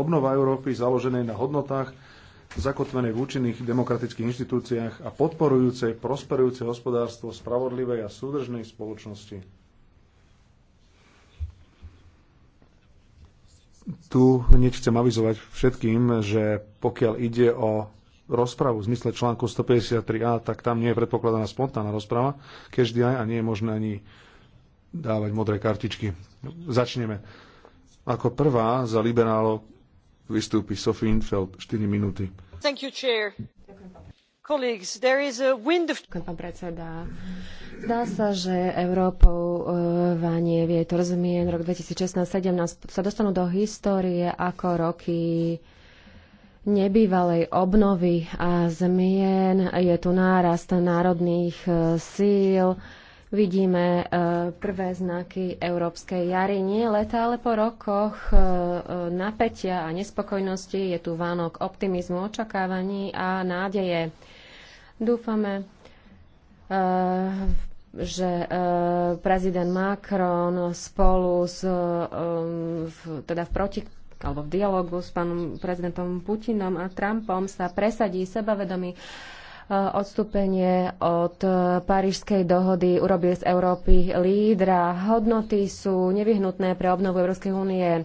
Obnova Európy založenej na hodnotách, zakotvenej v účinných demokratických inštitúciách a podporujúcej prosperujúce hospodárstvo spravodlivej a súdržnej spoločnosti. Tu hneď chcem avizovať všetkým, že pokiaľ ide o rozpravu v zmysle článku 153a, tak tam nie je predpokladaná spontánna rozprava, každý aj a nie je možné ani dávať modré kartičky. Začneme. Ako prvá za liberálov vystúpi Sophie Infeld 4 minúty. Thank you, pán predseda. Zdá sa, že Európou e, vanie vietor zmien rok 2016-17 sa dostanú do histórie ako roky nebývalej obnovy a zmien. Je tu nárast národných e, síl Vidíme e, prvé znaky európskej jary, nie leta, ale po rokoch e, e, napätia a nespokojnosti je tu vánok optimizmu, očakávaní a nádeje. Dúfame že prezident Macron spolu s, teda v proti, alebo v dialogu s pánom prezidentom Putinom a Trumpom sa presadí sebavedomý odstúpenie od Parížskej dohody urobili z Európy lídra. Hodnoty sú nevyhnutné pre obnovu Európskej únie.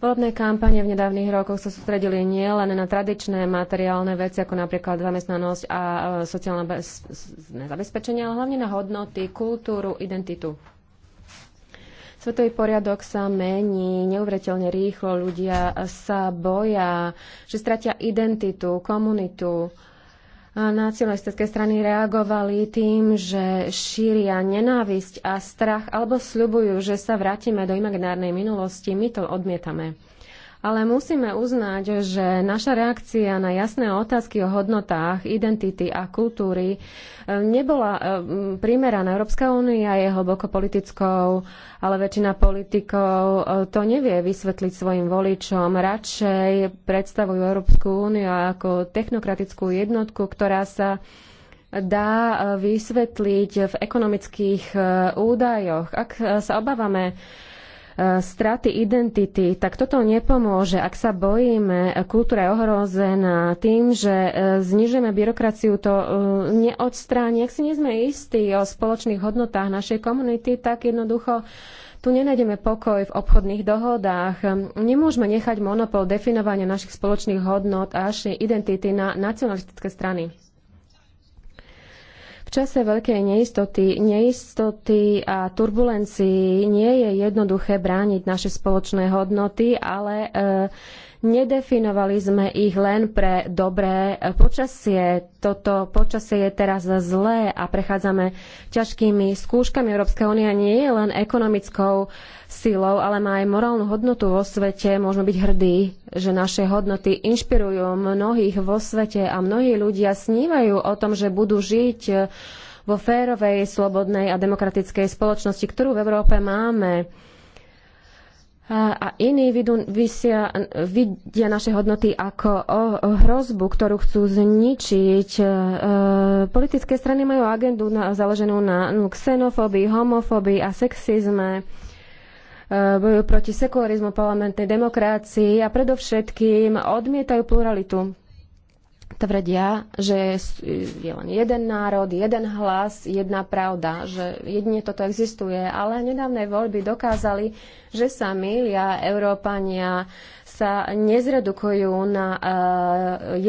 Volebné kampane v nedávnych rokoch sa sústredili nielen na tradičné materiálne veci, ako napríklad zamestnanosť a e, sociálne bez... zabezpečenie, ale hlavne na hodnoty, kultúru, identitu. Svetový poriadok sa mení neuveriteľne rýchlo. Ľudia sa boja, že stratia identitu, komunitu, nacionalistické strany reagovali tým, že šíria nenávisť a strach alebo sľubujú, že sa vrátime do imaginárnej minulosti, my to odmietame ale musíme uznať, že naša reakcia na jasné otázky o hodnotách, identity a kultúry e, nebola e, primeraná. Európska únia je hlboko politickou, ale väčšina politikov e, to nevie vysvetliť svojim voličom. Radšej predstavujú Európsku úniu ako technokratickú jednotku, ktorá sa dá vysvetliť v ekonomických údajoch. Ak sa obávame straty identity, tak toto nepomôže. Ak sa bojíme, kultúra je ohrozená tým, že e, znižujeme byrokraciu, to e, neodstráni. Ak si nie sme istí o spoločných hodnotách našej komunity, tak jednoducho tu nenájdeme pokoj v obchodných dohodách. Nemôžeme nechať monopol definovania našich spoločných hodnot a našej identity na nacionalistické strany. V čase veľkej neistoty, neistoty a turbulencií nie je jednoduché brániť naše spoločné hodnoty, ale e, Nedefinovali sme ich len pre dobré počasie. Toto počasie je teraz zlé a prechádzame ťažkými skúškami. Európska únia nie je len ekonomickou silou, ale má aj morálnu hodnotu vo svete. Môžeme byť hrdí, že naše hodnoty inšpirujú mnohých vo svete a mnohí ľudia snívajú o tom, že budú žiť vo férovej, slobodnej a demokratickej spoločnosti, ktorú v Európe máme a iní vidú, vysia, vidia naše hodnoty ako hrozbu, ktorú chcú zničiť. E, politické strany majú agendu na, založenú na no, xenofóbii, homofóbii a sexizme e, bojujú proti sekularizmu, parlamentnej demokracii a predovšetkým odmietajú pluralitu tvrdia, že je len jeden národ, jeden hlas, jedna pravda, že jedine toto existuje, ale nedávne voľby dokázali, že sa milia Európania sa nezredukujú na uh, eh,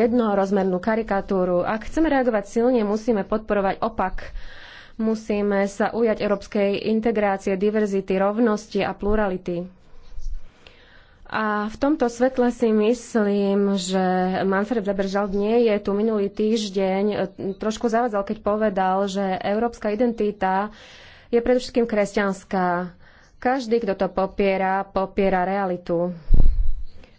jednorozmernú karikatúru. Ak chceme reagovať silne, musíme podporovať opak. Musíme sa ujať európskej integrácie, diverzity, rovnosti a plurality. A v tomto svetle si myslím, že Manfred Zaberžal nie je tu minulý týždeň. E, trošku zavadzal, keď povedal, že európska identita je predovšetkým kresťanská. Každý, kto to popiera, popiera realitu.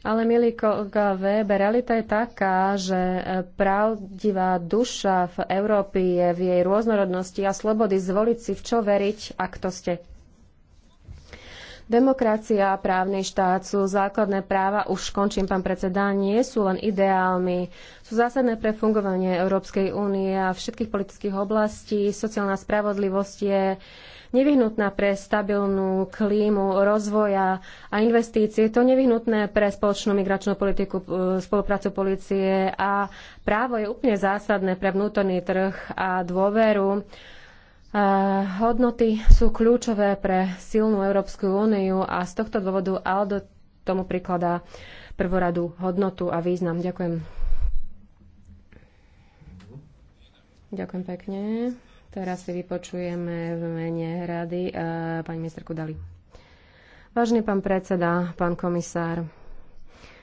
Ale, milý kolega Weber, realita je taká, že e, pravdivá duša v Európe je v jej rôznorodnosti a slobody zvoliť si, v čo veriť a kto ste Demokracia a právny štát sú základné práva, už končím, pán predseda, nie sú len ideálmi. Sú zásadné pre fungovanie Európskej únie a všetkých politických oblastí. Sociálna spravodlivosť je nevyhnutná pre stabilnú klímu rozvoja a investície. Je to nevyhnutné pre spoločnú migračnú politiku, e, spoluprácu policie a právo je úplne zásadné pre vnútorný trh a dôveru Hodnoty sú kľúčové pre silnú Európsku úniu a z tohto dôvodu Aldo tomu prikladá prvoradu hodnotu a význam. Ďakujem. Ďakujem pekne. Teraz si vypočujeme v mene rady eh, pani ministerku Dali. Vážený pán predseda, pán komisár,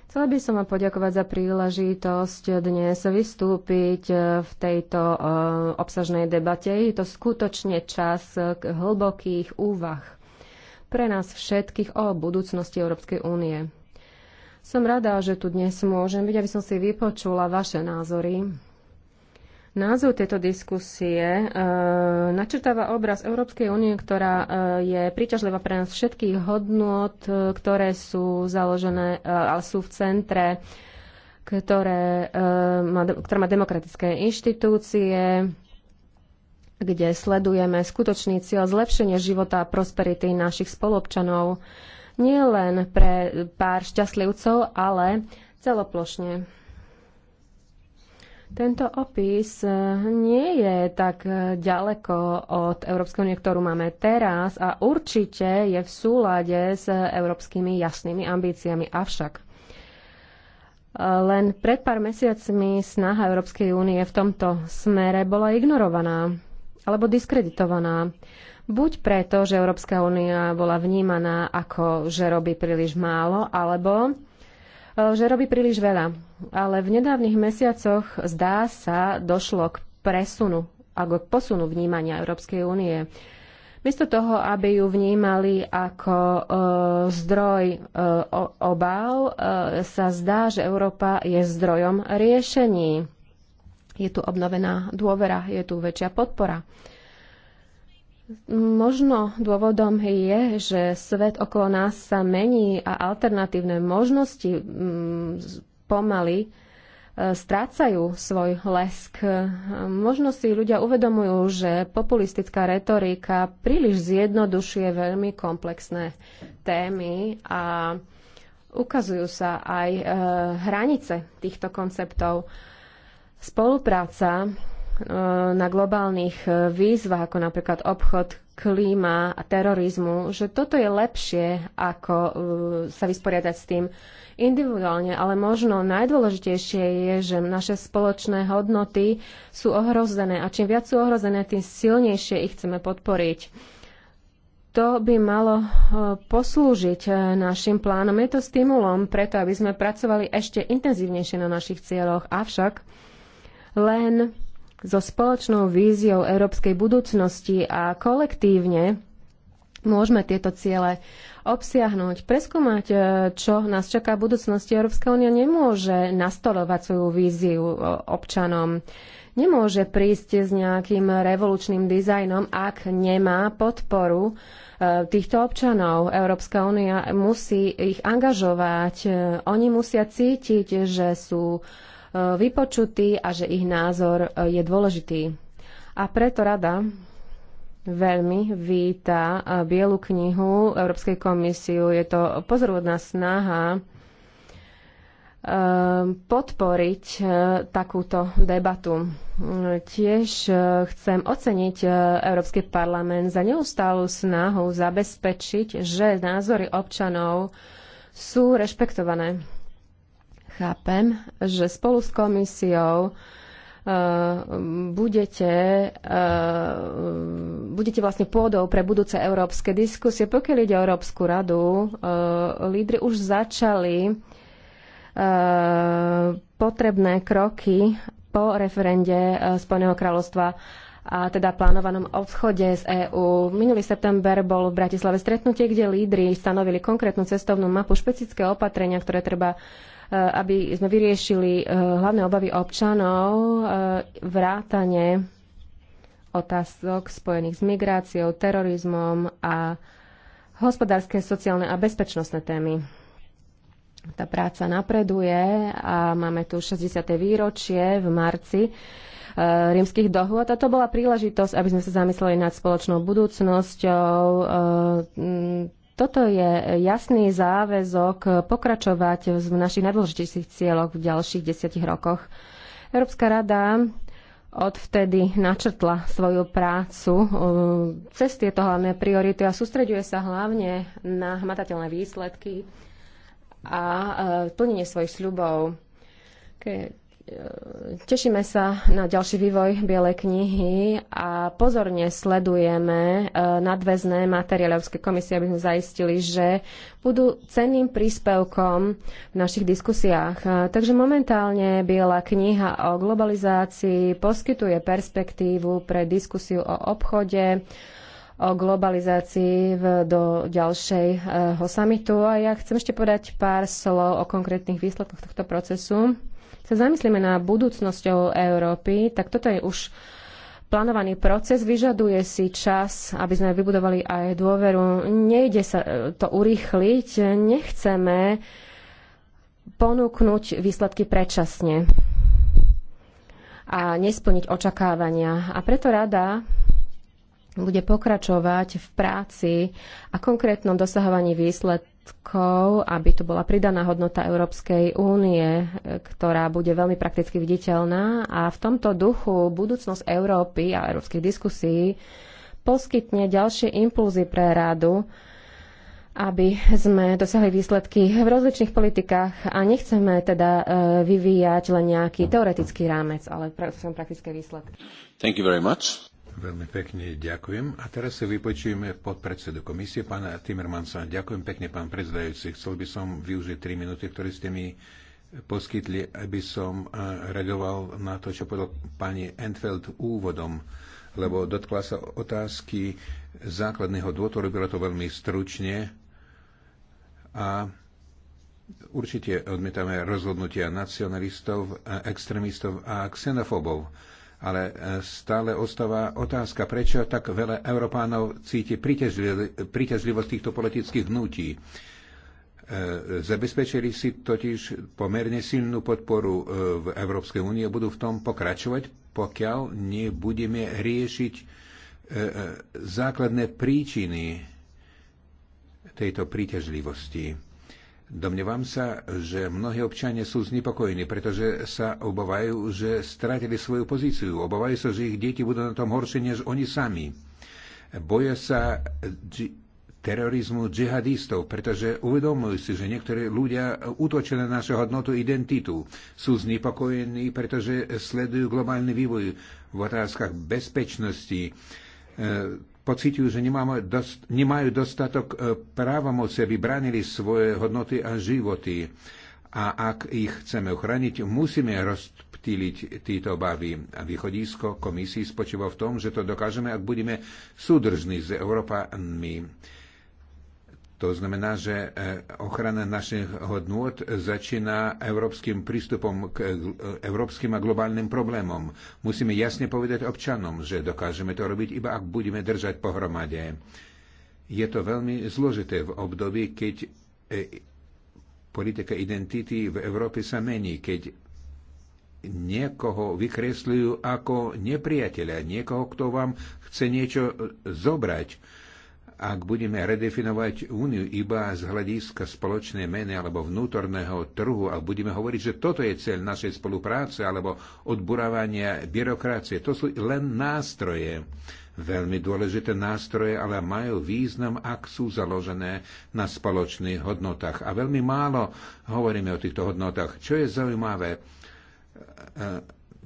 Chcela by som vám poďakovať za príležitosť dnes vystúpiť eh, v tejto eh, obsažnej debate. Je to skutočne čas k hlbokých úvah pre nás všetkých o budúcnosti Európskej únie. Som rada, že tu dnes môžem byť, aby som si vypočula vaše názory Názov tejto diskusie e, načrtáva obraz Európskej únie, ktorá e, je príťažlivá pre nás všetkých hodnot, e, ktoré sú založené, e, sú v centre, ktoré, e, má, ktoré má demokratické inštitúcie, kde sledujeme skutočný cieľ zlepšenia života a prosperity našich spolobčanov, nie len pre pár šťastlivcov, ale celoplošne. Tento opis eh, nie je tak eh, ďaleko od Európskej únie, ktorú máme teraz a určite je v súlade s európskymi jasnými ambíciami. Avšak eh, len pred pár mesiacmi snaha Európskej únie v tomto smere bola ignorovaná alebo diskreditovaná. Buď preto, že Európska únia bola vnímaná ako, že robí príliš málo, alebo Eh, že robí príliš veľa. Ale v nedávnych mesiacoch zdá sa došlo k presunu alebo k posunu vnímania Európskej únie. Miesto toho, aby ju vnímali ako e, zdroj e, eh, obáv, e, sa zdá, že Európa je zdrojom riešení. Je tu obnovená dôvera, je tu väčšia podpora. Možno dôvodom je, že svet okolo nás sa mení a alternatívne možnosti mm, pomaly e, strácajú svoj lesk. E, možno si ľudia uvedomujú, že populistická retorika príliš zjednodušuje veľmi komplexné témy a ukazujú sa aj e, hranice týchto konceptov. Spolupráca Eh, na globálnych eh, výzvach, ako napríklad obchod, klíma a terorizmu, že toto je lepšie, ako eh, sa vysporiadať s tým individuálne, ale možno najdôležitejšie je, že naše spoločné hodnoty sú ohrozené a čím viac sú ohrozené, tým silnejšie ich chceme podporiť to by malo poslúžiť našim plánom. Je to stimulom preto, aby sme pracovali ešte intenzívnejšie na našich cieľoch. Avšak len so spoločnou víziou európskej budúcnosti a kolektívne môžeme tieto ciele obsiahnuť, preskúmať, e, čo nás čaká v budúcnosti. Európska únia nemôže nastolovať svoju víziu e, občanom. Nemôže prísť s nejakým revolučným dizajnom, ak nemá podporu e, týchto občanov. Európska únia musí ich angažovať. Oni musia cítiť, že sú vypočutí a že ich názor e, je dôležitý. A preto rada veľmi víta e, Bielu knihu Európskej komisiu. Je to pozorúhodná snaha e, podporiť takúto debatu. Tiež chcem oceniť Európsky parlament za neustálu snahu zabezpečiť, že názory občanov sú rešpektované chápem, že spolu s komisiou e, budete, e, budete vlastne pôdou pre budúce európske diskusie. Pokiaľ ide o Európsku radu, e, lídry už začali potrebné kroky po referende Spojeného kráľovstva a teda plánovanom obchode z EÚ. Minulý september bol v Bratislave stretnutie, kde lídry stanovili konkrétnu cestovnú mapu, špecifické opatrenia, ktoré treba Eh, aby sme vyriešili eh, hlavné obavy občanov, eh, vrátane otázok spojených s migráciou, terorizmom a hospodárske, sociálne a bezpečnostné témy. Tá práca napreduje a máme tu 60. výročie v marci rímskych dohôd a to bola príležitosť, aby sme sa zamysleli nad spoločnou budúcnosťou toto je jasný záväzok pokračovať v našich najdôležitejších cieľoch v ďalších desiatich rokoch. Európska rada odvtedy načrtla svoju prácu um, cez tieto hlavné priority a sústreďuje sa hlavne na hmatateľné výsledky a uh, plnenie svojich sľubov. Tešíme sa na ďalší vývoj Bielej knihy a pozorne sledujeme e, nadväzné materiály Európskej komisie, aby sme zaistili, že budú cenným príspevkom v našich diskusiách. E, takže momentálne Biela kniha o globalizácii poskytuje perspektívu pre diskusiu o obchode, o globalizácii v, do ďalšejho e, samitu. A ja chcem ešte podať pár slov o konkrétnych výsledkoch tohto procesu sa zamyslíme na budúcnosťou Európy, tak toto je už plánovaný proces, vyžaduje si čas, aby sme vybudovali aj dôveru. Nejde sa e, to urýchliť, nechceme ponúknuť výsledky predčasne a nesplniť očakávania. A preto rada bude pokračovať v práci a konkrétnom dosahovaní výsled, výsledkov, aby tu bola pridaná hodnota Európskej únie, e, ktorá bude veľmi prakticky viditeľná. A v tomto duchu budúcnosť Európy a európskych diskusí poskytne ďalšie impulzy pre radu, aby sme dosiahli výsledky v rozličných politikách a nechceme teda e, vyvíjať len nejaký teoretický rámec, ale som praktické výsledky. Thank you very much. Veľmi pekne ďakujem. A teraz si vypočujeme podpredsedu komisie, pána Timmermansa. Ďakujem pekne, pán predsedajúci. Chcel by som využiť tri minúty, ktoré ste mi poskytli, aby som e, reagoval na to, čo povedal pani Entfeld úvodom, lebo dotkla sa otázky základného dôtoru, bylo to veľmi stručne a určite odmietame rozhodnutia nacionalistov, e, extrémistov a xenofobov ale e, stále ostáva otázka, prečo tak veľa Európánov cíti príťažlivosť týchto politických hnutí. E, zabezpečili si totiž pomerne silnú podporu e, v Európskej únie a budú v tom pokračovať, pokiaľ nebudeme riešiť základné príčiny tejto príťažlivosti Domnievam sa, že mnohí občania sú znepokojení, pretože sa obávajú, že stratili svoju pozíciu. Obávajú sa, že ich deti budú na tom horšie než oni sami. Boja sa dži- terorizmu džihadistov, pretože uvedomujú si, že niektorí ľudia útočia na našu hodnotu identitu. Sú znepokojení, pretože sledujú globálny vývoj v otázkach bezpečnosti, e, pocitujú, že nemáme dost, nemajú dostatok e, právomoci, aby bránili svoje hodnoty a životy. A ak ich chceme ochraniť, musíme rozptýliť tieto obavy. A východisko komisii spočíva v tom, že to dokážeme, ak budeme súdržní s Európami. To znamená, že e, ochrana našich hodnôt začína európskym prístupom k e, európskym a globálnym problémom. Musíme jasne povedať občanom, že dokážeme to robiť iba ak budeme držať pohromade. Je to veľmi zložité v období, keď e, politika identity v Európe sa mení, keď niekoho vykresľujú ako nepriateľa, niekoho, kto vám chce niečo zobrať ak budeme redefinovať úniu iba z hľadiska spoločnej meny alebo vnútorného trhu a budeme hovoriť, že toto je cieľ našej spolupráce alebo odburávania byrokracie, to sú len nástroje. Veľmi dôležité nástroje, ale majú význam, ak sú založené na spoločných hodnotách. A veľmi málo hovoríme o týchto hodnotách. Čo je zaujímavé, e,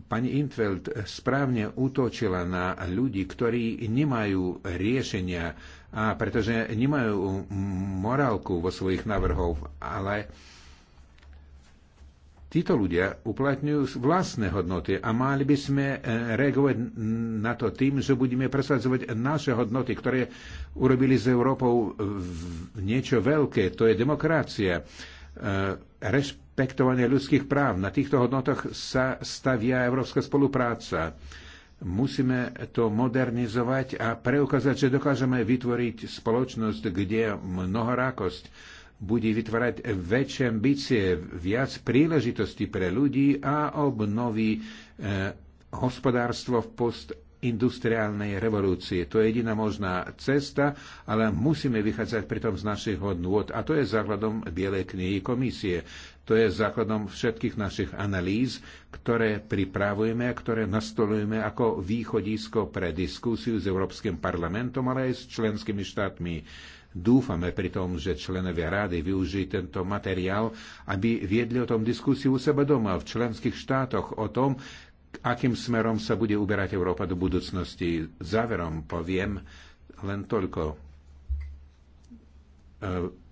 pani Intveld správne útočila na ľudí, ktorí nemajú riešenia a pretože nemajú morálku vo svojich návrhov, ale títo ľudia uplatňujú vlastné hodnoty a mali by sme e, reagovať na to tým, že budeme presadzovať naše hodnoty, ktoré urobili z Európou niečo veľké. To je demokracia, e, rešpektovanie ľudských práv. Na týchto hodnotách sa stavia európska spolupráca Musíme to modernizovať a preukázať, že dokážeme vytvoriť spoločnosť, kde mnohorákosť bude vytvárať väčšie ambície, viac príležitostí pre ľudí a obnoví eh, hospodárstvo v post industriálnej revolúcie. To je jediná možná cesta, ale musíme vychádzať pritom z našich hodnôt a to je základom Bielej knihy komisie. To je základom všetkých našich analýz, ktoré pripravujeme a ktoré nastolujeme ako východisko pre diskusiu s Európskym parlamentom, ale aj s členskými štátmi. Dúfame pri tom, že členovia rády využijú tento materiál, aby viedli o tom diskusiu u seba doma, v členských štátoch, o tom, akým smerom sa bude uberať Európa do budúcnosti. Záverom poviem len toľko. E,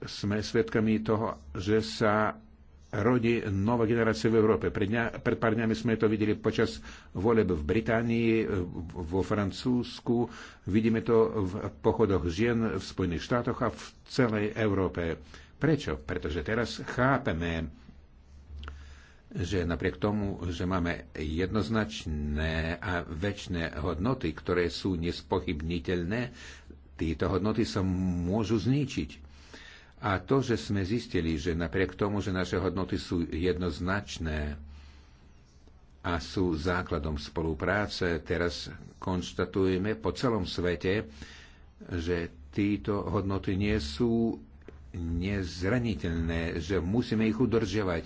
sme svedkami toho, že sa rodi nová generácia v Európe. Pred, dňa, pred pár dňami sme to videli počas voleb v Británii, vo Francúzsku, vidíme to v pochodoch žien v Spojených štátoch a v celej Európe. Prečo? Pretože teraz chápeme, že napriek tomu, že máme jednoznačné a väčšie hodnoty, ktoré sú nespochybniteľné, títo hodnoty sa môžu zničiť a to, že sme zistili, že napriek tomu, že naše hodnoty sú jednoznačné a sú základom spolupráce, teraz konštatujeme po celom svete, že títo hodnoty nie sú nezraniteľné, že musíme ich udržiavať.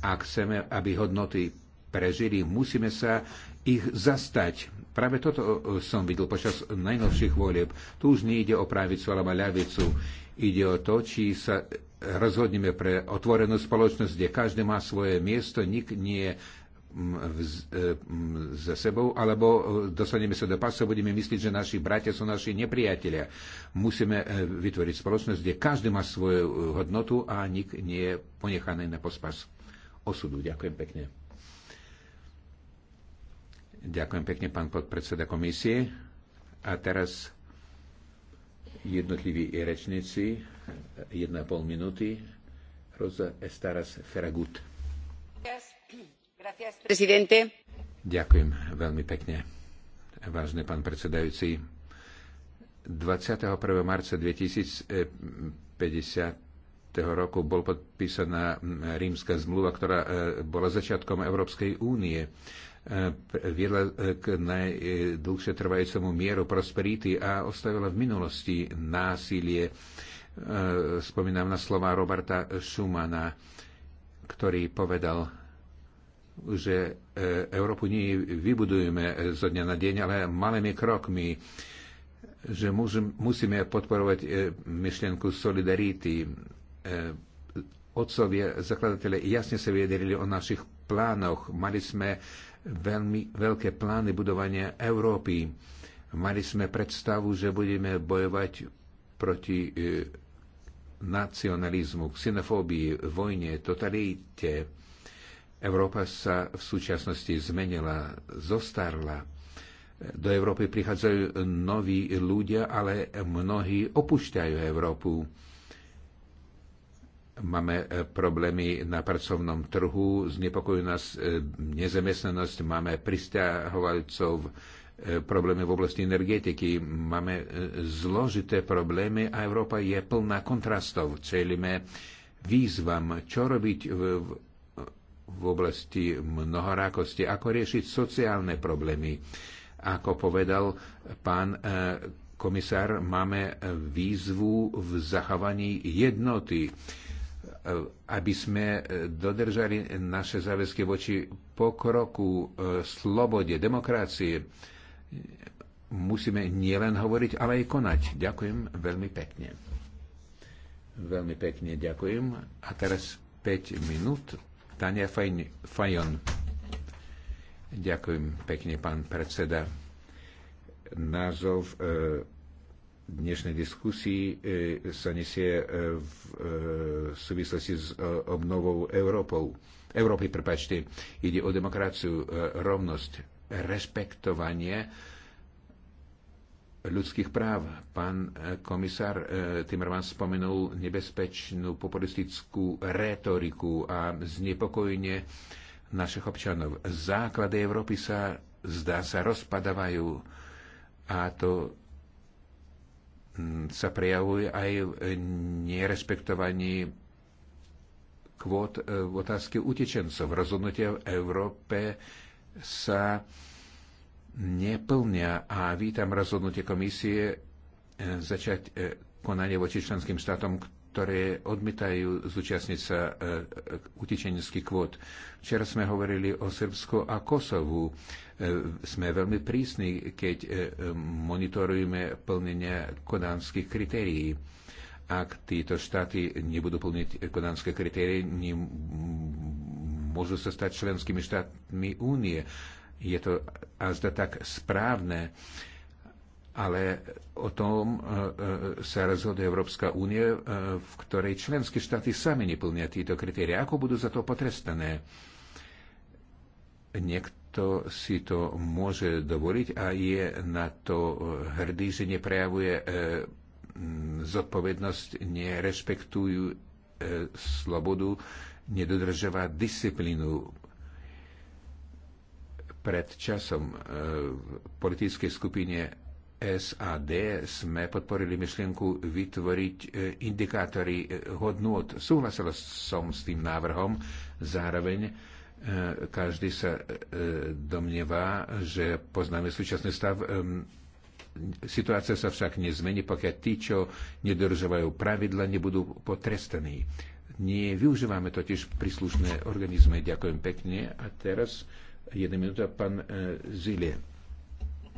Ak chceme, aby hodnoty prežili, musíme sa ich zastať. Práve toto eh, som videl počas najnovších volieb. Tu už nejde o pravicu alebo ľavicu Ide o to, či sa rozhodneme pre otvorenú spoločnosť, kde každý má svoje miesto, nik nie je mm, mm, za sebou, alebo e, dostaneme sa do pasu budeme myslieť, že naši bratia sú naši nepriatelia. Musíme e, vytvoriť spoločnosť, kde každý má svoju e, hodnotu a nik nie je ponechaný na pospas osudu. Ďakujem pekne. Ďakujem pekne, pán podpredseda komisie. A teraz jednotliví rečníci, jedna pol minúty. Rosa Estaras Feragut. Ďakujem veľmi pekne. Vážne pán predsedajúci, 21. marca 2050 roku bol podpísaná rímska zmluva, ktorá eh, bola začiatkom Európskej únie viedla eh, k najdlhšie trvajúcemu mieru prosperity a ostavila v minulosti násilie. Eh, spomínam na slova Roberta Schumana, ktorý povedal, že eh, Európu nie vybudujeme zo dňa na deň, ale malými krokmi že musíme podporovať myšlienku solidarity. Otcovia, zakladatelia jasne sa vyjadrili o našich plánoch. Mali sme veľmi veľké plány budovania Európy. Mali sme predstavu, že budeme bojovať proti e, nacionalizmu, xenofóbii, vojne, totalite. Európa sa v súčasnosti zmenila, zostarla. Do Európy prichádzajú noví ľudia, ale mnohí opúšťajú Európu Máme e, problémy na pracovnom trhu, znepokojí nás e, nezamestnanosť, máme pristahovalcov, e, problémy v oblasti energetiky, máme zložité problémy a Európa je plná kontrastov. Čelíme výzvam, čo robiť v, v oblasti mnohorákosti, ako riešiť sociálne problémy. Ako povedal pán komisár, máme výzvu v zachovaní jednoty aby sme e, dodržali naše záväzky voči pokroku, e, slobode, demokracii. Musíme nielen hovoriť, ale aj konať. Ďakujem veľmi pekne. Veľmi pekne ďakujem. A teraz 5 minút. Tania Fajon. Ďakujem pekne, pán predseda. Názov e, dnešnej diskusii e, sa nesie e, e, v súvislosti s obnovou Európou. Európy, prepačte, ide o demokraciu, rovnosť, rešpektovanie ľudských práv. Pán komisár Timmermans spomenul nebezpečnú populistickú retoriku a znepokojenie našich občanov. Základy Európy sa, zdá sa, rozpadávajú a to Mm, sa prejavuje aj v e, nerespektovaní kvót e, v otázke utečencov. Rozhodnutia v Európe sa neplnia a vítam rozhodnutie komisie e, začať konanie voči členským štátom, ktoré odmietajú zúčastniť sa e, utečeneckých kvót. Včera sme hovorili o Srbsku a Kosovu. E, sme veľmi prísni, keď e, monitorujeme plnenie kodánskych kritérií. Ak títo štáty nebudú plniť kodánske kritérie, môžu sa stať členskými štátmi únie. Je to azda tak správne. Uh, ale o tom e, e, sa rozhoduje Európska únie, e, v ktorej členské štáty sami neplnia tieto kritéria. Ako budú za to potrestané? Niekto si to môže dovoliť a je na to hrdý, že neprejavuje zodpovednosť, nerešpektujú slobodu, nedodržová disciplínu pred časom v politickej skupine SAD sme podporili myšlienku vytvoriť e, indikátory e, hodnôt. Súhlasil som s tým návrhom. Zároveň e, každý sa domnieva, že poznáme súčasný stav. Situácia sa však nezmení, pokiaľ tí, čo nedodržovajú pravidla, nebudú potrestaní. Nie využívame totiž príslušné organizmy. Ďakujem pekne. A teraz jedna minúta pán Zilie.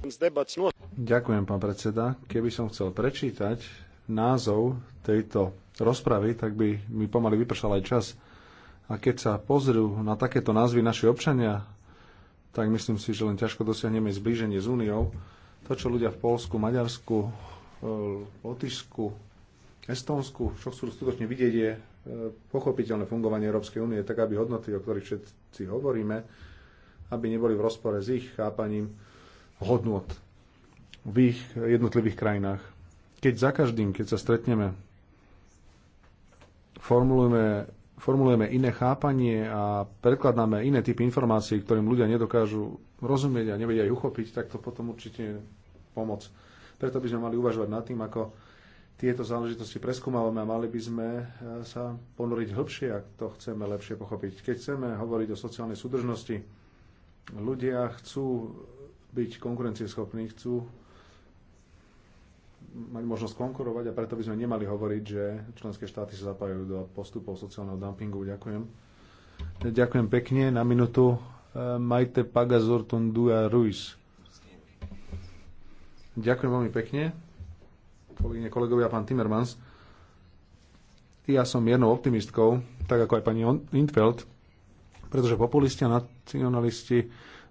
Ďakujem, pán predseda. Keby som chcel prečítať názov tejto rozpravy, tak by mi pomaly vypršal aj čas. A keď sa pozrú na takéto názvy naši občania, tak myslím si, že len ťažko dosiahneme zblíženie s Úniou. To, čo ľudia v Polsku, Maďarsku, eh, Lotyšsku, Estónsku, čo chcú skutočne vidieť, je eh, pochopiteľné fungovanie Európskej únie, tak aby hodnoty, o ktorých všetci hovoríme, aby neboli v rozpore s ich chápaním hodnot v ich jednotlivých krajinách. Keď za každým, keď sa stretneme, formulujeme, formulujeme iné chápanie a prekladáme iné typy informácií, ktorým ľudia nedokážu rozumieť a nevedia ich uchopiť, tak to potom určite pomoc. Preto by sme mali uvažovať nad tým, ako tieto záležitosti preskúmavame a mali by sme eh, sa ponoriť hĺbšie, ak to chceme lepšie pochopiť. Keď chceme hovoriť o sociálnej súdržnosti, ľudia chcú byť konkurencieschopní, chcú mať možnosť konkurovať a preto by sme nemali hovoriť, že členské štáty sa zapájajú do postupov sociálneho dumpingu. Ďakujem. Ďakujem pekne. Na minútu eh, Majte Pagazor Tundua Ruiz. Ďakujem veľmi pekne. Kolegyne, kolegovia, pán Timmermans. Ja som miernou optimistkou, tak ako aj pani Intfeld, pretože populisti a nacionalisti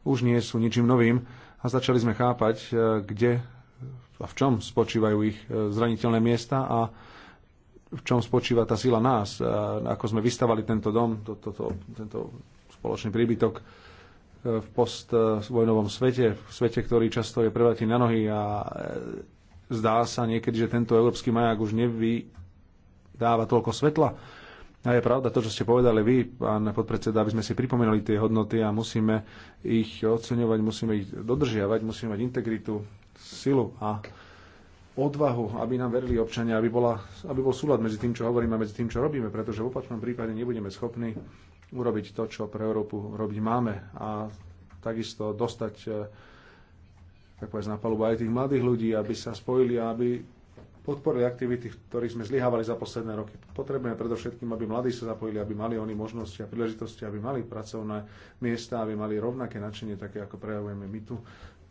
už nie sú ničím novým a začali sme chápať, e, kde a v čom spočívajú ich e, zraniteľné miesta a v čom spočíva tá sila nás, e, ako sme vystavali tento dom, to, to, to, tento spoločný príbytok v postvojnovom svete, v svete, ktorý často je preletý na nohy a zdá sa niekedy, že tento európsky maják už nevydáva toľko svetla a je pravda to, čo ste povedali vy, pán podpredseda, aby sme si pripomenuli tie hodnoty a musíme ich oceňovať, musíme ich dodržiavať, musíme mať integritu, silu a odvahu, aby nám verili občania, aby, bola, aby bol súlad medzi tým, čo hovoríme a medzi tým, čo robíme, pretože v opačnom prípade nebudeme schopní urobiť to, čo pre Európu robiť máme a takisto dostať eh, tak povedz, na palubu aj tých mladých ľudí, aby sa spojili a aby podporili aktivity, v ktorých sme zlyhávali za posledné roky. Potrebujeme predovšetkým, aby mladí sa zapojili, aby mali oni možnosti a príležitosti, aby mali pracovné miesta, aby mali rovnaké nadšenie, také ako prejavujeme my tu.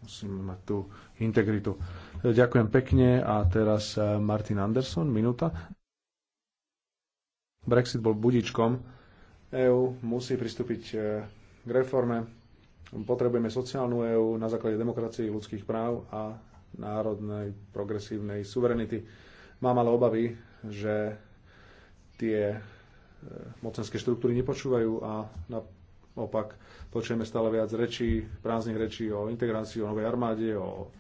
Musíme mať tú integritu. Ďakujem pekne a teraz eh, Martin Anderson, minúta. Brexit bol budičkom. EÚ musí pristúpiť eh, k reforme. Potrebujeme sociálnu EÚ na základe demokracie, ľudských práv a národnej progresívnej suverenity. Mám ale obavy, že tie e, mocenské štruktúry nepočúvajú a naopak počujeme stále viac rečí, prázdnych rečí o integrácii, o novej armáde, o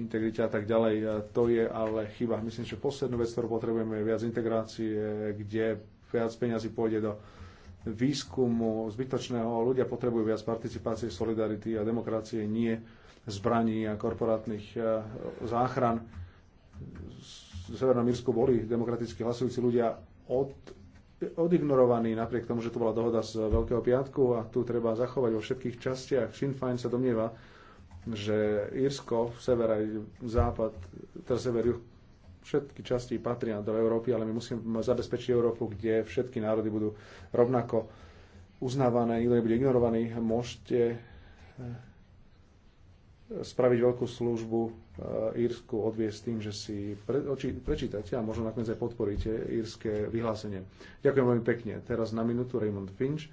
integrite a tak ďalej. A to je ale chyba. Myslím, že poslednú vec, ktorú potrebujeme, je viac integrácie, kde viac peňazí pôjde do výskumu zbytočného. Ľudia potrebujú viac participácie, solidarity a demokracie, nie zbraní a korporátnych e, záchran. V Severnom Írsku boli demokraticky hlasujúci ľudia od, odignorovaní napriek tomu, že to bola dohoda z Veľkého piatku a tu treba zachovať vo všetkých častiach. Sinn Féin sa domnieva, že Írsko, sever aj západ, teda sever, juh, všetky časti patria do Európy, ale my musíme zabezpečiť Európu, kde všetky národy budú rovnako uznávané, nikto nebude ignorovaný. Môžete e, spraviť veľkú službu e, Írsku odviesť tým, že si pre, oči, prečítate a možno nakoniec aj podporíte írske vyhlásenie. Ďakujem veľmi pekne. Teraz na minútu Raymond Finch. E,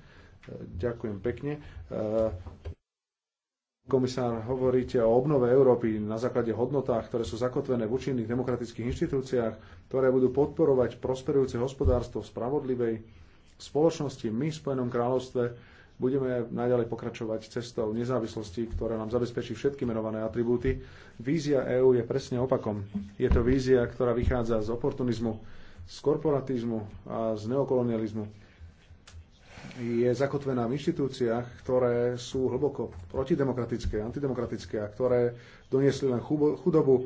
ďakujem pekne. E, komisár, hovoríte o obnove Európy na základe hodnotách, ktoré sú zakotvené v účinných demokratických inštitúciách, ktoré budú podporovať prosperujúce hospodárstvo v spravodlivej spoločnosti. My v Spojenom kráľovstve Budeme naďalej pokračovať cestou nezávislosti, ktorá nám zabezpečí všetky menované atribúty. Vízia EÚ je presne opakom. Je to vízia, ktorá vychádza z oportunizmu, z korporatizmu a z neokolonializmu. Je zakotvená v inštitúciách, ktoré sú hlboko protidemokratické, antidemokratické a ktoré doniesli len chudobu, e,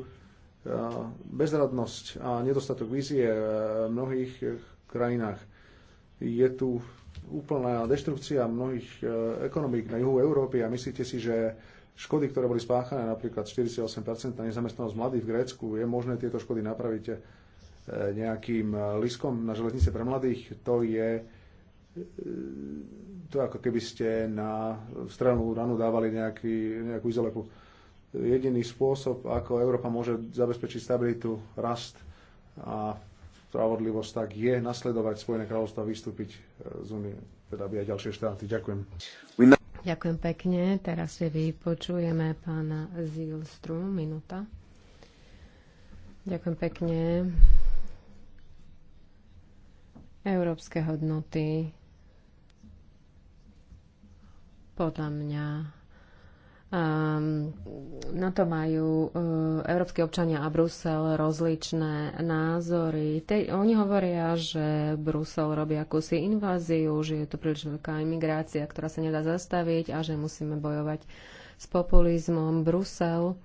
bezradnosť a nedostatok vízie v mnohých e, krajinách je tu úplná deštrukcia mnohých e, ekonomík na juhu Európy a myslíte si, že škody, ktoré boli spáchané, napríklad 48% na nezamestnanosť mladých v Grécku, je možné tieto škody napraviť e, nejakým e, liskom na železnice pre mladých, to je to ako keby ste na stranu ranu dávali nejaký, nejakú izolepu. Jediný spôsob, ako Európa môže zabezpečiť stabilitu, rast a spravodlivosť, tak je nasledovať Spojené kráľovstvo a vystúpiť e, z Unie, teda aby aj ďalšie štáty. Ďakujem. Ďakujem pekne. Teraz si vypočujeme pána Zilstru. Minúta. Ďakujem pekne. Európske hodnoty podľa mňa Um, na to majú uh, eh, európsky občania a Brusel rozličné názory. Te, oni hovoria, že Brusel robí akúsi inváziu, že je tu príliš veľká imigrácia, ktorá sa nedá zastaviť a že musíme bojovať s populizmom. Brusel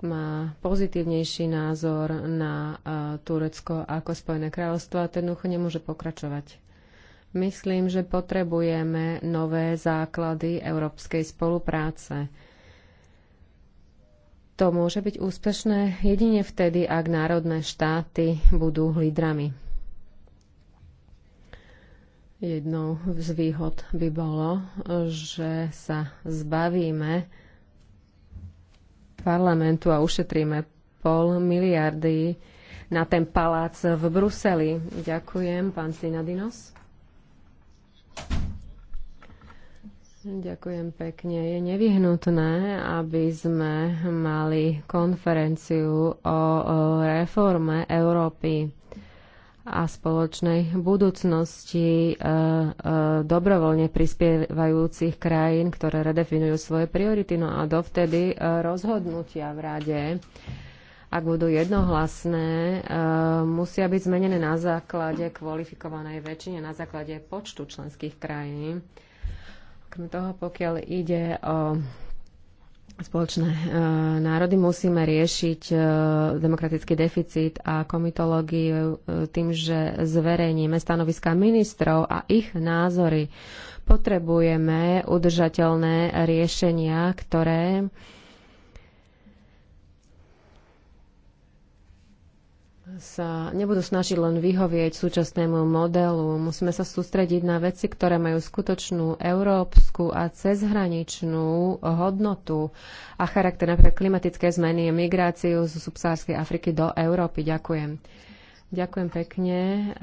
má pozitívnejší názor na uh, Turecko ako Spojené kráľovstvo a ten nemôže pokračovať. Myslím, že potrebujeme nové základy európskej spolupráce. To môže byť úspešné jedine vtedy, ak národné štáty budú lídrami. Jednou z výhod by bolo, že sa zbavíme parlamentu a ušetríme pol miliardy na ten palác v Bruseli. Ďakujem, pán Sinadinos. Ďakujem pekne. Je nevyhnutné, aby sme mali konferenciu o reforme Európy a spoločnej budúcnosti e, e, dobrovoľne prispievajúcich krajín, ktoré redefinujú svoje priority. No a dovtedy e, rozhodnutia v rade, ak budú jednohlasné, musia byť zmenené na základe kvalifikovanej väčšine, na základe počtu členských krajín. Krem toho, pokiaľ ide o spoločné e, národy, musíme riešiť e, demokratický deficit a komitológiu e, tým, že zverejníme stanoviska ministrov a ich názory. Potrebujeme udržateľné riešenia, ktoré e, sa nebudú snažiť len vyhovieť súčasnému modelu. Musíme sa sústrediť na veci, ktoré majú skutočnú európsku a cezhraničnú hodnotu a charakter napríklad klimatické zmeny a migráciu z subsárskej Afriky do Európy. Ďakujem. Ďakujem pekne.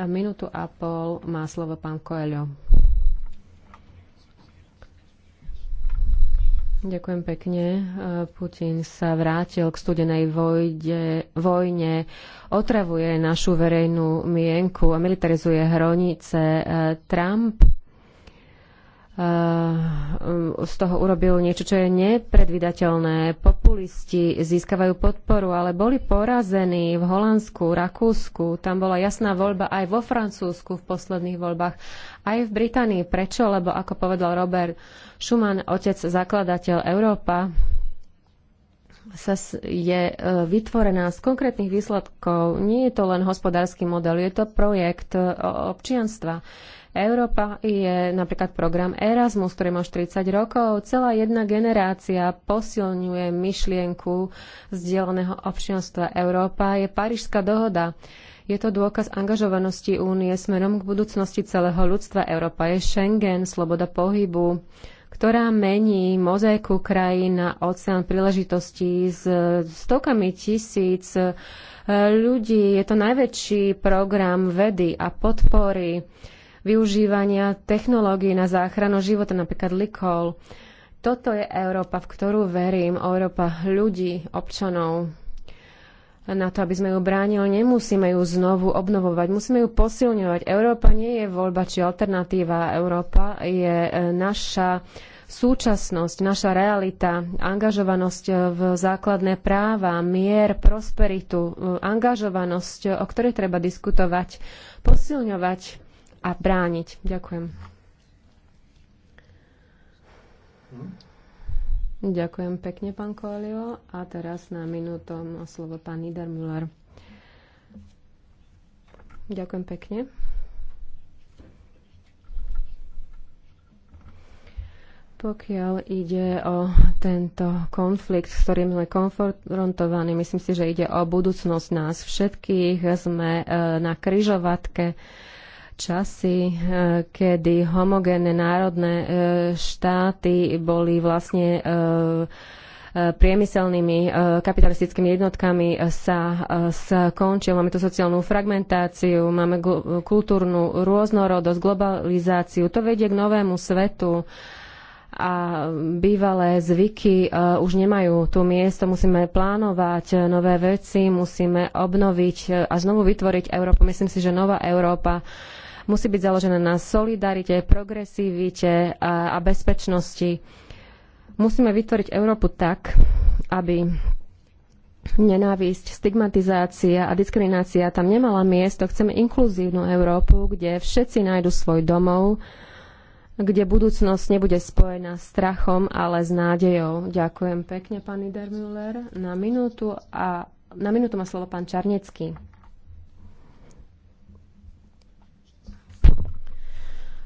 Minútu a pol má slovo pán Koelio. Ďakujem pekne. Eh, Putin sa vrátil k studenej vojde, vojne, otravuje našu verejnú mienku a militarizuje hranice. Eh, Trump eh, z toho urobil niečo, čo je nepredvydateľné. Populisti získavajú podporu, ale boli porazení v Holandsku, Rakúsku. Tam bola jasná voľba aj vo Francúzsku v posledných voľbách aj v Británii. Prečo? Lebo ako povedal Robert Schumann, otec zakladateľ Európa, sa je e, vytvorená z konkrétnych výsledkov. Nie je to len hospodársky model, je to projekt e, občianstva. Európa je napríklad program Erasmus, ktorý má 30 rokov. Celá jedna generácia posilňuje myšlienku zdieľaného občianstva. Európa je Parížská dohoda. Je to dôkaz angažovanosti únie smerom k budúcnosti celého ľudstva. Európa je Schengen, sloboda pohybu, ktorá mení mozaiku krajín na oceán príležitostí s stokami tisíc eh, ľudí. Je to najväčší program vedy a podpory využívania technológií na záchranu života, napríklad Likol. Toto je Európa, v ktorú verím, Európa ľudí, občanov na to, aby sme ju bránili, nemusíme ju znovu obnovovať, musíme ju posilňovať. Európa nie je voľba či alternatíva. Európa je e, naša súčasnosť, naša realita, angažovanosť e, v základné práva, mier, prosperitu, e, angažovanosť, o ktorej treba diskutovať, posilňovať a brániť. Ďakujem. Hm? Ďakujem pekne, pán Koelio. A teraz na minútu má slovo pán Ider Müller. Ďakujem pekne. Pokiaľ ide o tento konflikt, s ktorým sme konfrontovaní, myslím si, že ide o budúcnosť nás všetkých. Sme e, na kryžovatke časy, e, kedy homogénne národné e, štáty boli vlastne e, priemyselnými kapitalistickými jednotkami sa skončil. Máme tu sociálnu fragmentáciu, máme kultúrnu rôznorodosť, globalizáciu. To vedie k novému svetu a bývalé zvyky už nemajú tu miesto. Musíme plánovať nové veci, musíme obnoviť a znovu vytvoriť Európu. Myslím si, že nová Európa musí byť založená na solidarite, progresivite a, a bezpečnosti. Musíme vytvoriť Európu tak, aby nenávisť, stigmatizácia a diskriminácia tam nemala miesto. Chceme inkluzívnu Európu, kde všetci nájdu svoj domov, kde budúcnosť nebude spojená s strachom, ale s nádejou. Ďakujem pekne, pani Dermüller. Na minútu, a, na minútu má slovo pán Čarnecký.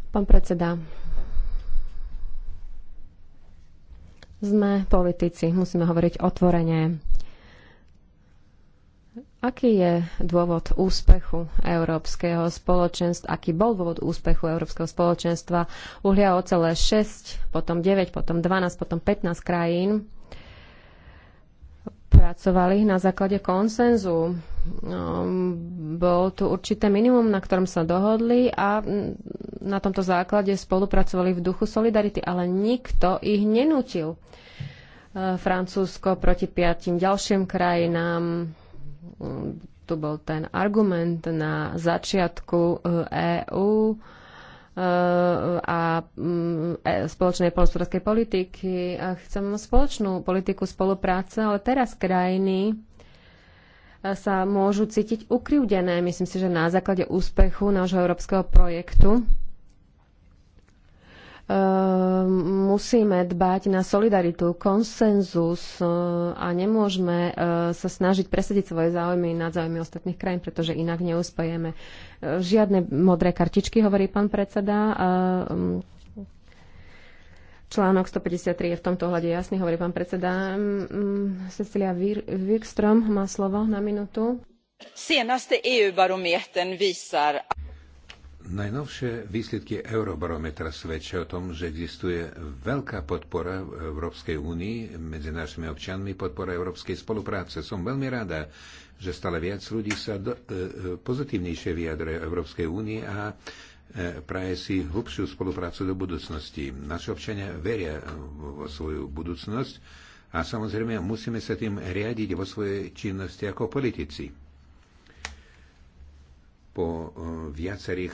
Pán predseda, sme politici, musíme hovoriť otvorene. Aký je dôvod úspechu Európskeho spoločenstva? Aký bol dôvod úspechu Európskeho spoločenstva? Uhlia celé 6, potom 9, potom 12, potom 15 krajín pracovali na základe konsenzu Ehm, bol tu určité minimum, na ktorom sa dohodli a na tomto základe spolupracovali v duchu solidarity, ale nikto ich nenútil. Ehm, Francúzsko proti piatim ďalším krajinám. Ehm, tu bol ten argument na začiatku EÚ e a e, spoločnej polnospodárskej politiky. A chcem spoločnú politiku spolupráce, ale teraz krajiny sa môžu cítiť ukriúdené. Myslím si, že na základe úspechu nášho európskeho projektu ehm, musíme dbať na solidaritu, konsenzus e, a nemôžeme e, sa snažiť presadiť svoje záujmy nad záujmy ostatných krajín, pretože inak neuspejeme. E, žiadne modré kartičky, hovorí pán predseda. Ehm, Článok 153 je v tomto hľade jasný, hovorí pán predseda. Mm, mm, Cecilia Wikström má slovo na minútu. Senaste EU-barometern visar... Najnovšie výsledky Eurobarometra svedčia o tom, že existuje veľká podpora v Európskej únii medzi našimi občanmi, podpora európskej spolupráce. Som veľmi rada, že stále viac ľudí sa do, e, e pozitívnejšie vyjadruje Európskej únii a E, praje si hlbšiu spoluprácu do budúcnosti. Naši občania veria vo svoju budúcnosť a samozrejme musíme sa tým riadiť vo svojej činnosti ako politici. Po e, viacerých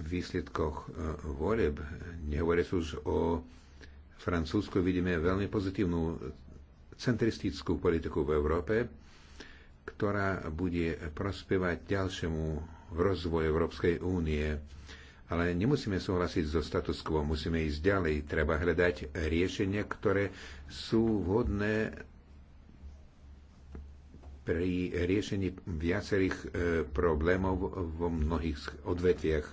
výsledkoch e, voleb, nehovoriac už o Francúzsku, vidíme veľmi pozitívnu centristickú politiku v Európe, ktorá bude prospievať ďalšiemu v rozvoj Európskej únie. Ale nemusíme súhlasiť so status quo, musíme ísť ďalej. Treba hľadať riešenia, ktoré sú vhodné pri riešení viacerých e, problémov vo mnohých odvetviach.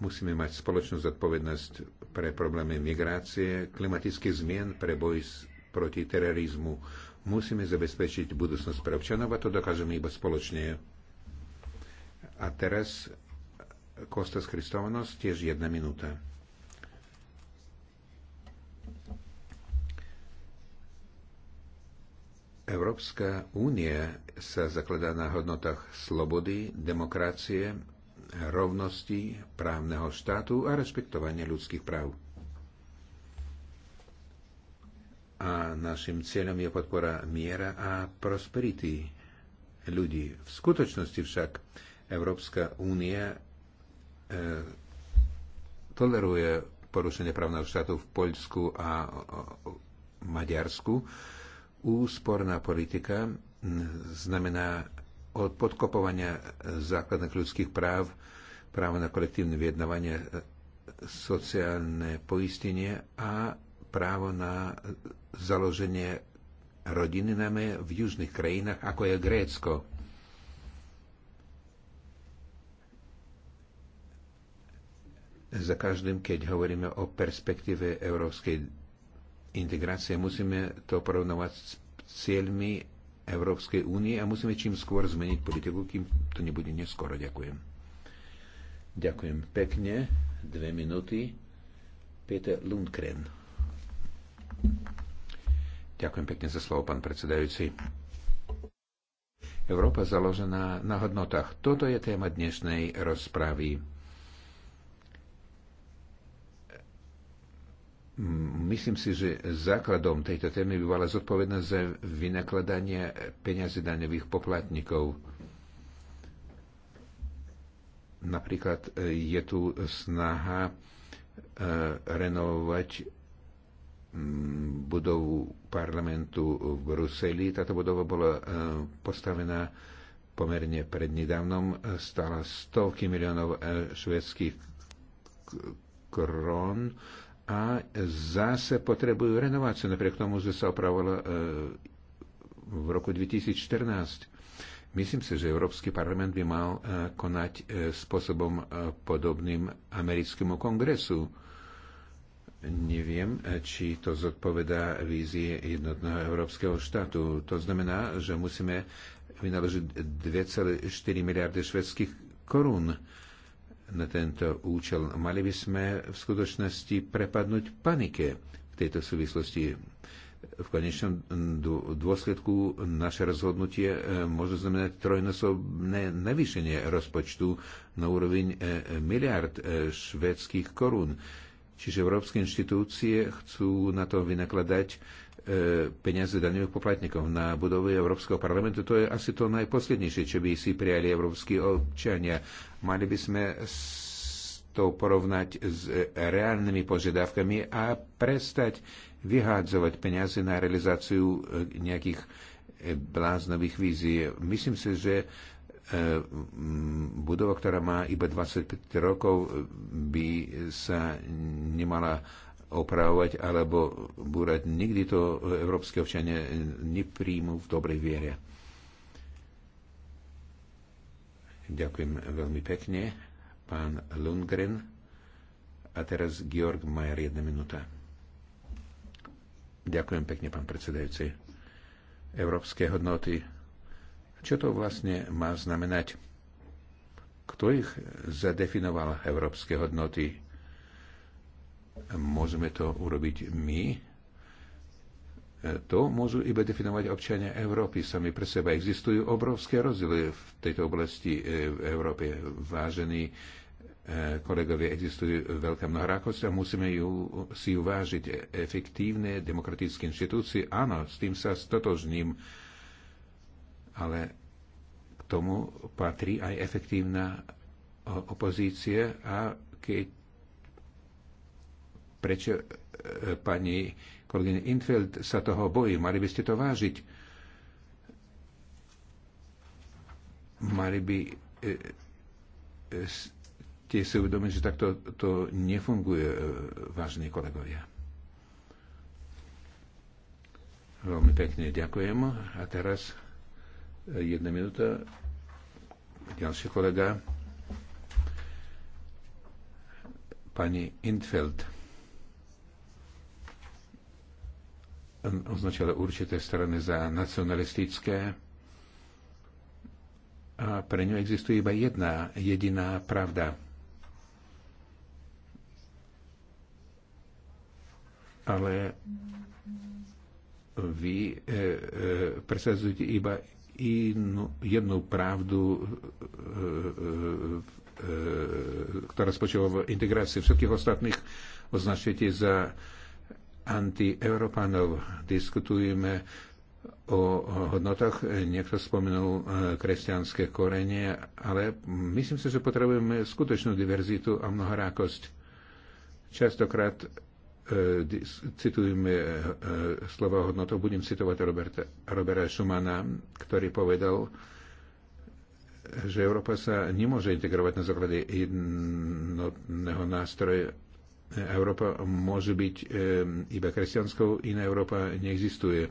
Musíme mať spoločnú zodpovednosť pre problémy migrácie, klimatických zmien, pre boj s, proti terorizmu. Musíme zabezpečiť budúcnosť pre občanov a to dokážeme iba spoločne. A teraz Kostas Christofanos, tiež jedna minúta. Európska únia sa zakladá na hodnotách slobody, demokracie, rovnosti, právneho štátu a rešpektovania ľudských práv. A našim cieľom je podpora miera a prosperity ľudí. V skutočnosti však Európska únia e, toleruje porušenie právneho štátu v Poľsku a Maďarsku. Úsporná politika znamená od podkopovania základných ľudských práv, práva na kolektívne vyjednávanie, e, sociálne poistenie a právo na založenie rodiny, najmä v južných krajinách, ako je Grécko. za každým, keď hovoríme o perspektíve európskej integrácie, musíme to porovnovať s cieľmi Európskej únie a musíme čím skôr zmeniť politiku, kým to nebude neskoro. Ďakujem. Ďakujem pekne. Dve minúty. Peter Lundgren. Ďakujem pekne za slovo, pán predsedajúci. Európa založená na hodnotách. Toto je téma dnešnej rozpravy Myslím si, že základom tejto témy by bola zodpovednosť za vynakladanie peniazy daňových poplatníkov. Napríklad e, je tu snaha e, renovovať mm, budovu parlamentu v Bruseli. Táto budova bola e, postavená pomerne prednedávnom. Stala stovky miliónov švedských krón a zase potrebujú renováciu, napriek tomu, že sa opravila e, v roku 2014. Myslím si, že Európsky parlament by mal e, konať e, spôsobom podobným americkému kongresu. Neviem, či to zodpovedá vízie jednotného európskeho štátu. To znamená, že musíme vynaložiť 2,4 miliardy švedských korún na tento účel. Mali by sme v skutočnosti prepadnúť panike v tejto súvislosti. V konečnom dôsledku naše rozhodnutie e, môže znamenať trojnosobné navýšenie rozpočtu na úroveň e, miliard e, švedských korún. Čiže európske inštitúcie chcú na to vynakladať E, peniaze daňových poplatníkov na budovu Európskeho parlamentu. To je asi to najposlednejšie, čo by si prijali európsky občania. Mali by sme to porovnať s reálnymi požiadavkami a prestať vyhádzovať peniaze na realizáciu e, nejakých e, bláznových vízií. Myslím si, že budova, ktorá má iba 25 rokov, by sa nemala opravovať alebo búrať. Nikdy to európske občania nepríjmu v dobrej viere. Ďakujem veľmi pekne, pán Lundgren. A teraz Georg Majer, jedna minúta. Ďakujem pekne, pán predsedajúci. Európske hodnoty. Čo to vlastne má znamenať? Kto ich zadefinoval, európske hodnoty? Môžeme to urobiť my, e, to môžu iba definovať občania Európy sami pre seba. Existujú obrovské rozdiely v tejto oblasti e, v Európe. Vážení e, kolegovia, existuje veľká mnohorakosť a musíme ju, si ju vážiť. Efektívne demokratické inštitúcie, áno, s tým sa stotožním, ale k tomu patrí aj efektívna opozícia a keď Prečo e, pani kolegyne Infeld sa toho bojí? Mali by ste to vážiť. Mali by e, e, ste si uvedomiť, že takto to nefunguje, vážení kolegovia. Veľmi pekne ďakujem. A teraz jedna minúta. Ďalší kolega. Pani Intfeld. označila určité strany za nacionalistické. A pre ňu existuje iba jedna jediná pravda. Ale vy e, e, presadzujete iba inú, jednu pravdu, e, e, e, e ktorá spočíva v integrácii všetkých ostatných, označujete za e, antieurópanov. Diskutujeme o hodnotách. Niekto spomenul e, kresťanské korenie, ale myslím si, že potrebujeme skutočnú diverzitu a mnohorákosť. Častokrát e, citujeme e, e slova hodnotov. Budem citovať Roberta, Robera Schumana, ktorý povedal, že Európa sa nemôže integrovať na základe jednotného nástroja Európa môže byť e, iba kresťanskou, iná Európa neexistuje. E,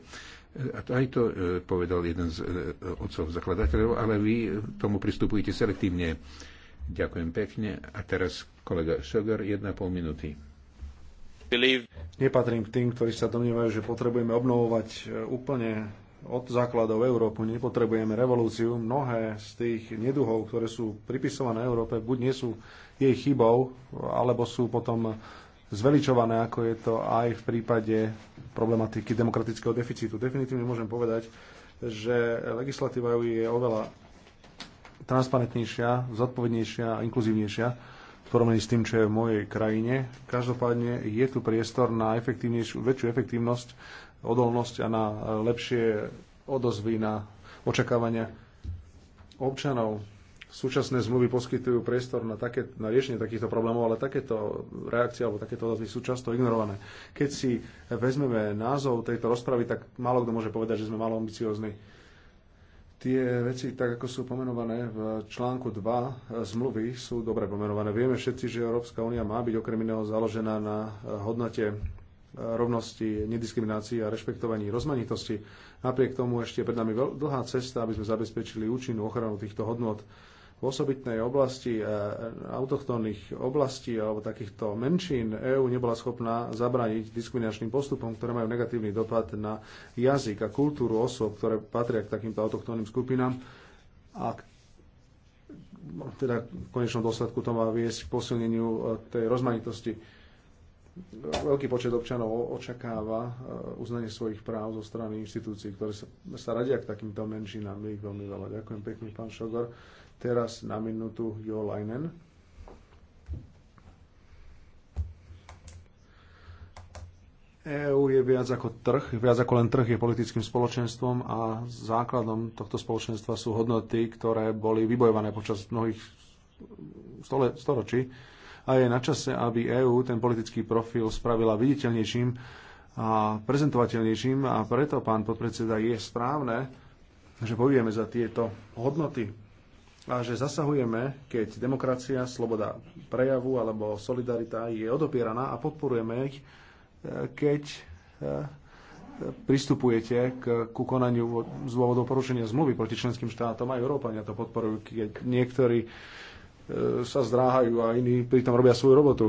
a to aj to e, povedal jeden z otcov zakladateľov, ale vy tomu pristupujete selektívne. Ďakujem pekne. A teraz kolega Šogar, jedna pol minúty. Nepatrím k tým, ktorí sa domnievajú, že potrebujeme obnovovať úplne od základov Európu, nepotrebujeme revolúciu. Mnohé z tých neduhov, ktoré sú pripisované Európe, buď nie sú jej chybou, alebo sú potom zveličované, ako je to aj v prípade problematiky demokratického deficitu. Definitívne môžem povedať, že legislatíva e je oveľa transparentnejšia, zodpovednejšia a inkluzívnejšia v porovnaní s tým, čo je v mojej krajine. Každopádne je tu priestor na efektívnejšiu, väčšiu efektívnosť odolnosť a na lepšie odozvy na očakávania občanov. Súčasné zmluvy poskytujú priestor na, také, na riešenie takýchto problémov, ale takéto reakcie alebo takéto odozvy sú často ignorované. Keď si vezmeme názov tejto rozpravy, tak málo kto môže povedať, že sme malo ambiciozni. Tie veci, tak ako sú pomenované v článku 2 zmluvy, sú dobre pomenované. Vieme všetci, že Európska únia má byť okrem iného založená na hodnote rovnosti, nediskriminácii a rešpektovaní rozmanitosti. Napriek tomu ešte pred nami dlhá cesta, aby sme zabezpečili účinnú ochranu týchto hodnot. V osobitnej oblasti e, autochtónnych oblastí alebo takýchto menšín EÚ nebola schopná zabrániť diskriminačným postupom, ktoré majú negatívny dopad na jazyk a kultúru osôb, ktoré patria k takýmto autochtónnym skupinám a no, teda v konečnom dôsledku to má viesť k posilneniu e, tej rozmanitosti veľký počet občanov očakáva e, uznanie svojich práv zo strany inštitúcií, ktoré sa, sa radia k takýmto menšinám. My ich veľmi veľa. Ďakujem pekne, pán Šogor. Teraz na minútu Jo Leinen. EÚ je viac ako trh, viac ako len trh je politickým spoločenstvom a základom tohto spoločenstva sú hodnoty, ktoré boli vybojované počas mnohých stole, storočí a je na čase, aby EÚ ten politický profil spravila viditeľnejším a prezentovateľnejším a preto, pán podpredseda, je správne, že bojujeme za tieto hodnoty a že zasahujeme, keď demokracia, sloboda prejavu alebo solidarita je odopieraná a podporujeme ich, e, keď e, pristupujete k, ku konaniu z dôvodov porušenia zmluvy proti členským štátom. Aj Európania to podporujú, keď niektorí E, sa zdráhajú a iní pritom robia svoju robotu.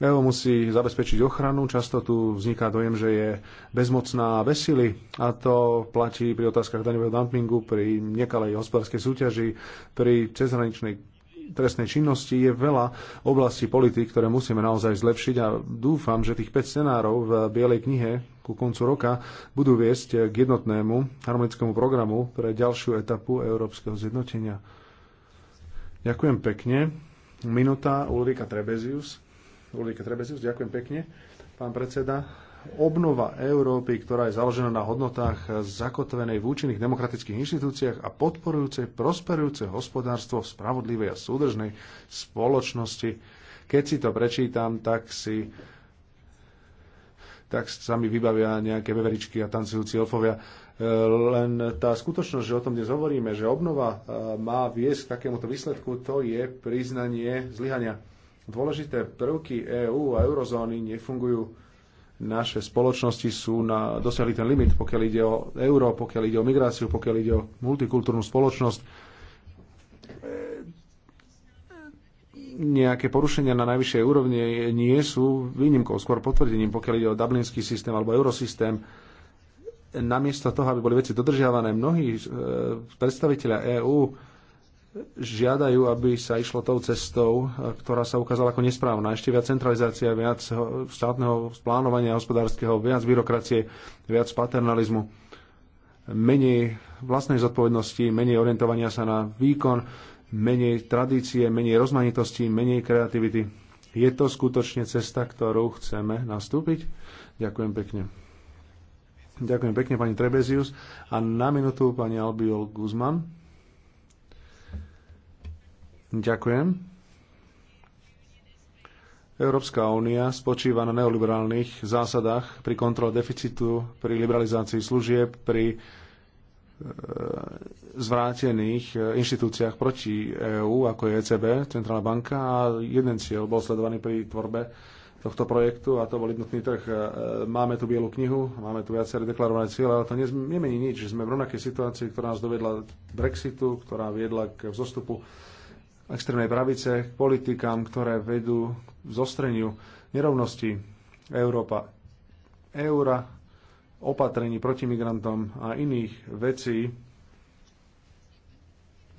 EÚ musí zabezpečiť ochranu, často tu vzniká dojem, že je bezmocná bez sily a to platí pri otázkach daňového dumpingu, pri nekalej hospodárskej súťaži, pri cezhraničnej trestnej činnosti je veľa oblastí politik, ktoré musíme naozaj zlepšiť a dúfam, že tých 5 scenárov v Bielej knihe ku koncu roka budú viesť k jednotnému harmonickému programu pre ďalšiu etapu európskeho zjednotenia. Ďakujem pekne. Minúta Ulrika Trebezius. Ulrika Trebezius, ďakujem pekne, pán predseda. Obnova Európy, ktorá je založená na hodnotách zakotvenej v účinných demokratických inštitúciách a podporujúcej prosperujúce hospodárstvo v spravodlivej a súdržnej spoločnosti. Keď si to prečítam, tak si tak sami vybavia nejaké veveričky a tancujúci elfovia. E, len tá skutočnosť, že o tom dnes hovoríme, že obnova e, má viesť k takémuto výsledku, to je priznanie zlyhania. Dôležité prvky EÚ a eurozóny nefungujú. Naše spoločnosti sú na, dosiahli ten limit, pokiaľ ide o euro, pokiaľ ide o migráciu, pokiaľ ide o multikultúrnu spoločnosť nejaké porušenia na najvyššej úrovni nie sú výnimkou, skôr potvrdením, pokiaľ ide o dublinský systém alebo eurosystém. Namiesto toho, aby boli veci dodržiavané, mnohí e, predstaviteľa EÚ žiadajú, aby sa išlo tou cestou, e, ktorá sa ukázala ako nesprávna. Ešte viac centralizácia, viac e, štátneho plánovania hospodárskeho, viac byrokracie, viac paternalizmu, menej vlastnej zodpovednosti, menej orientovania sa na výkon, menej tradície, menej rozmanitosti, menej kreativity. Je to skutočne cesta, ktorú chceme nastúpiť? Ďakujem pekne. Ďakujem pekne, pani Trebezius. A na minútu pani Albiol Guzman. Ďakujem. Európska únia spočíva na neoliberálnych zásadách pri kontrole deficitu, pri liberalizácii služieb, pri zvrátených e, inštitúciách proti EÚ, ako je ECB, Centrálna banka. A jeden cieľ bol sledovaný pri tvorbe tohto projektu a to bol jednotný trh. E, máme tu bielu knihu, máme tu viaceré deklarované cieľe, ale to nemení nič. že Sme v rovnakej situácii, ktorá nás dovedla k Brexitu, ktorá viedla k vzostupu extrémnej pravice, k politikám, ktoré vedú k zostreniu nerovnosti Európa, eura opatrení proti migrantom a iných vecí,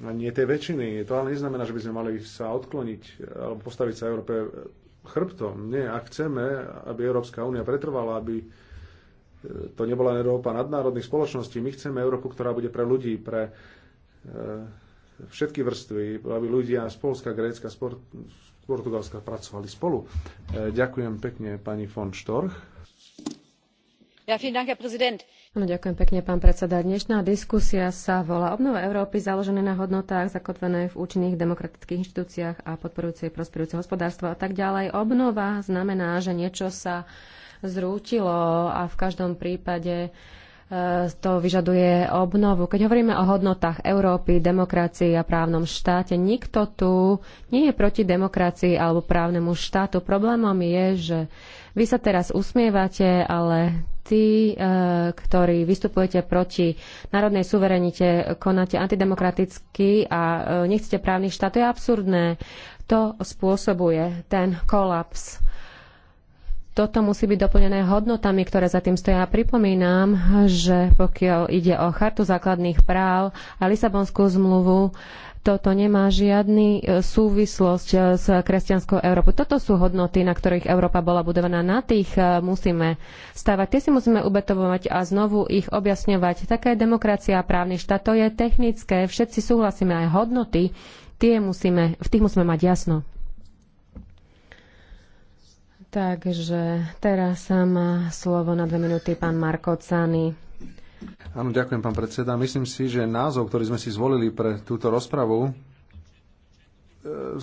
a nie tej väčšiny. To ale neznamená, že by sme mali sa odkloniť alebo postaviť sa Európe chrbtom. Nie, ak chceme, aby Európska únia pretrvala, aby e, to nebola Európa nadnárodných spoločností, my chceme Európu, ktorá bude pre ľudí, pre e, všetky vrstvy, aby ľudia z Polska, Grécka, z Portugalska pracovali spolu. E, ďakujem pekne pani von Štorch. No, ďakujem pekne, pán predseda. Dnešná diskusia sa volá Obnova Európy založené na hodnotách zakotvené v účinných demokratických inštitúciách a podporujúcej prosperujúce hospodárstvo a tak ďalej. Obnova znamená, že niečo sa zrútilo a v každom prípade e, to vyžaduje obnovu. Keď hovoríme o hodnotách Európy, demokracii a právnom štáte, nikto tu nie je proti demokracii alebo právnemu štátu. Problémom je, že vy sa teraz usmievate, ale tí, e, ktorí vystupujete proti národnej suverenite, konáte antidemokraticky a e, nechcete právny štát, to je absurdné. To spôsobuje ten kolaps. Toto musí byť doplnené hodnotami, ktoré za tým stoja. Pripomínam, že pokiaľ ide o Chartu základných práv a Lisabonskú zmluvu, toto nemá žiadny e, súvislosť e, s kresťanskou Európou. Toto sú hodnoty, na ktorých Európa bola budovaná. Na tých e, musíme stavať. Tie si musíme ubetovať a znovu ich objasňovať. Taká je demokracia a právny štát. To je technické. Všetci súhlasíme aj hodnoty. Tie musíme, v tých musíme mať jasno. Takže teraz má slovo na dve minúty pán Marko Cany. Áno, ďakujem, pán predseda. Myslím si, že názov, ktorý sme si zvolili pre túto rozpravu, 100%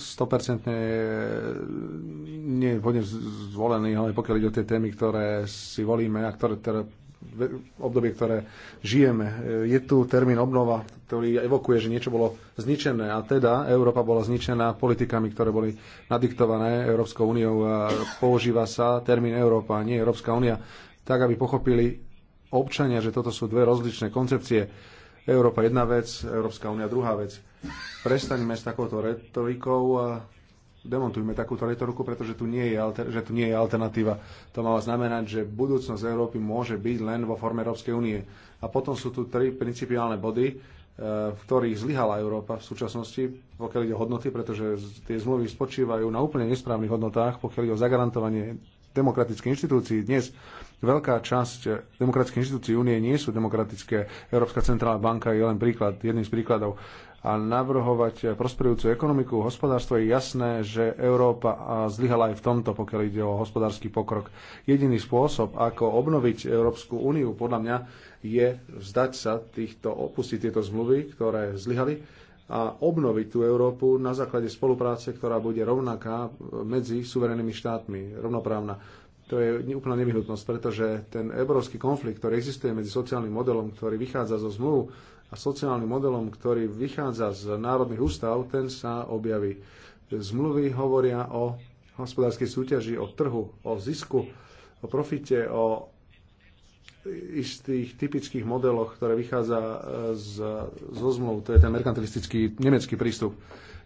e, nie je vhodne zvolený, ale pokiaľ ide o tie témy, ktoré si volíme a ktoré, ktoré obdobie, ktoré žijeme. E, je tu termín obnova, ktorý evokuje, že niečo bolo zničené a teda Európa bola zničená politikami, ktoré boli nadiktované Európskou úniou. a Používa sa termín Európa, nie Európska únia, tak aby pochopili občania, že toto sú dve rozličné koncepcie. Európa jedna vec, Európska únia druhá vec. Prestaňme s takouto retorikou a demontujme takúto retoriku, pretože tu nie je, alter, že tu nie je alternatíva. To má znamenať, že budúcnosť Európy môže byť len vo forme Európskej únie. A potom sú tu tri principiálne body, e, v ktorých zlyhala Európa v súčasnosti, pokiaľ ide o hodnoty, pretože tie zmluvy spočívajú na úplne nesprávnych hodnotách, pokiaľ ide o zagarantovanie demokratických inštitúcií dnes Veľká časť demokratických inštitúcií únie nie sú demokratické. Európska centrálna banka je len príklad, jedným z príkladov a navrhovať prosperujúcu ekonomiku, hospodárstvo, je jasné, že Európa zlyhala aj v tomto, pokiaľ ide o hospodársky pokrok. Jediný spôsob, ako obnoviť Európsku úniu, podľa mňa, je vzdať sa týchto, opustiť tieto zmluvy, ktoré zlyhali a obnoviť tú Európu na základe spolupráce, ktorá bude rovnaká medzi suverenými štátmi, rovnoprávna to je úplná nevyhnutnosť, pretože ten európsky konflikt, ktorý existuje medzi sociálnym modelom, ktorý vychádza zo zmluv a sociálnym modelom, ktorý vychádza z národných ústav, ten sa objaví. Zmluvy hovoria o hospodárskej súťaži, o trhu, o zisku, o profite, o istých typických modeloch, ktoré vychádza e, z, zo zmluv. To je ten merkantilistický nemecký prístup.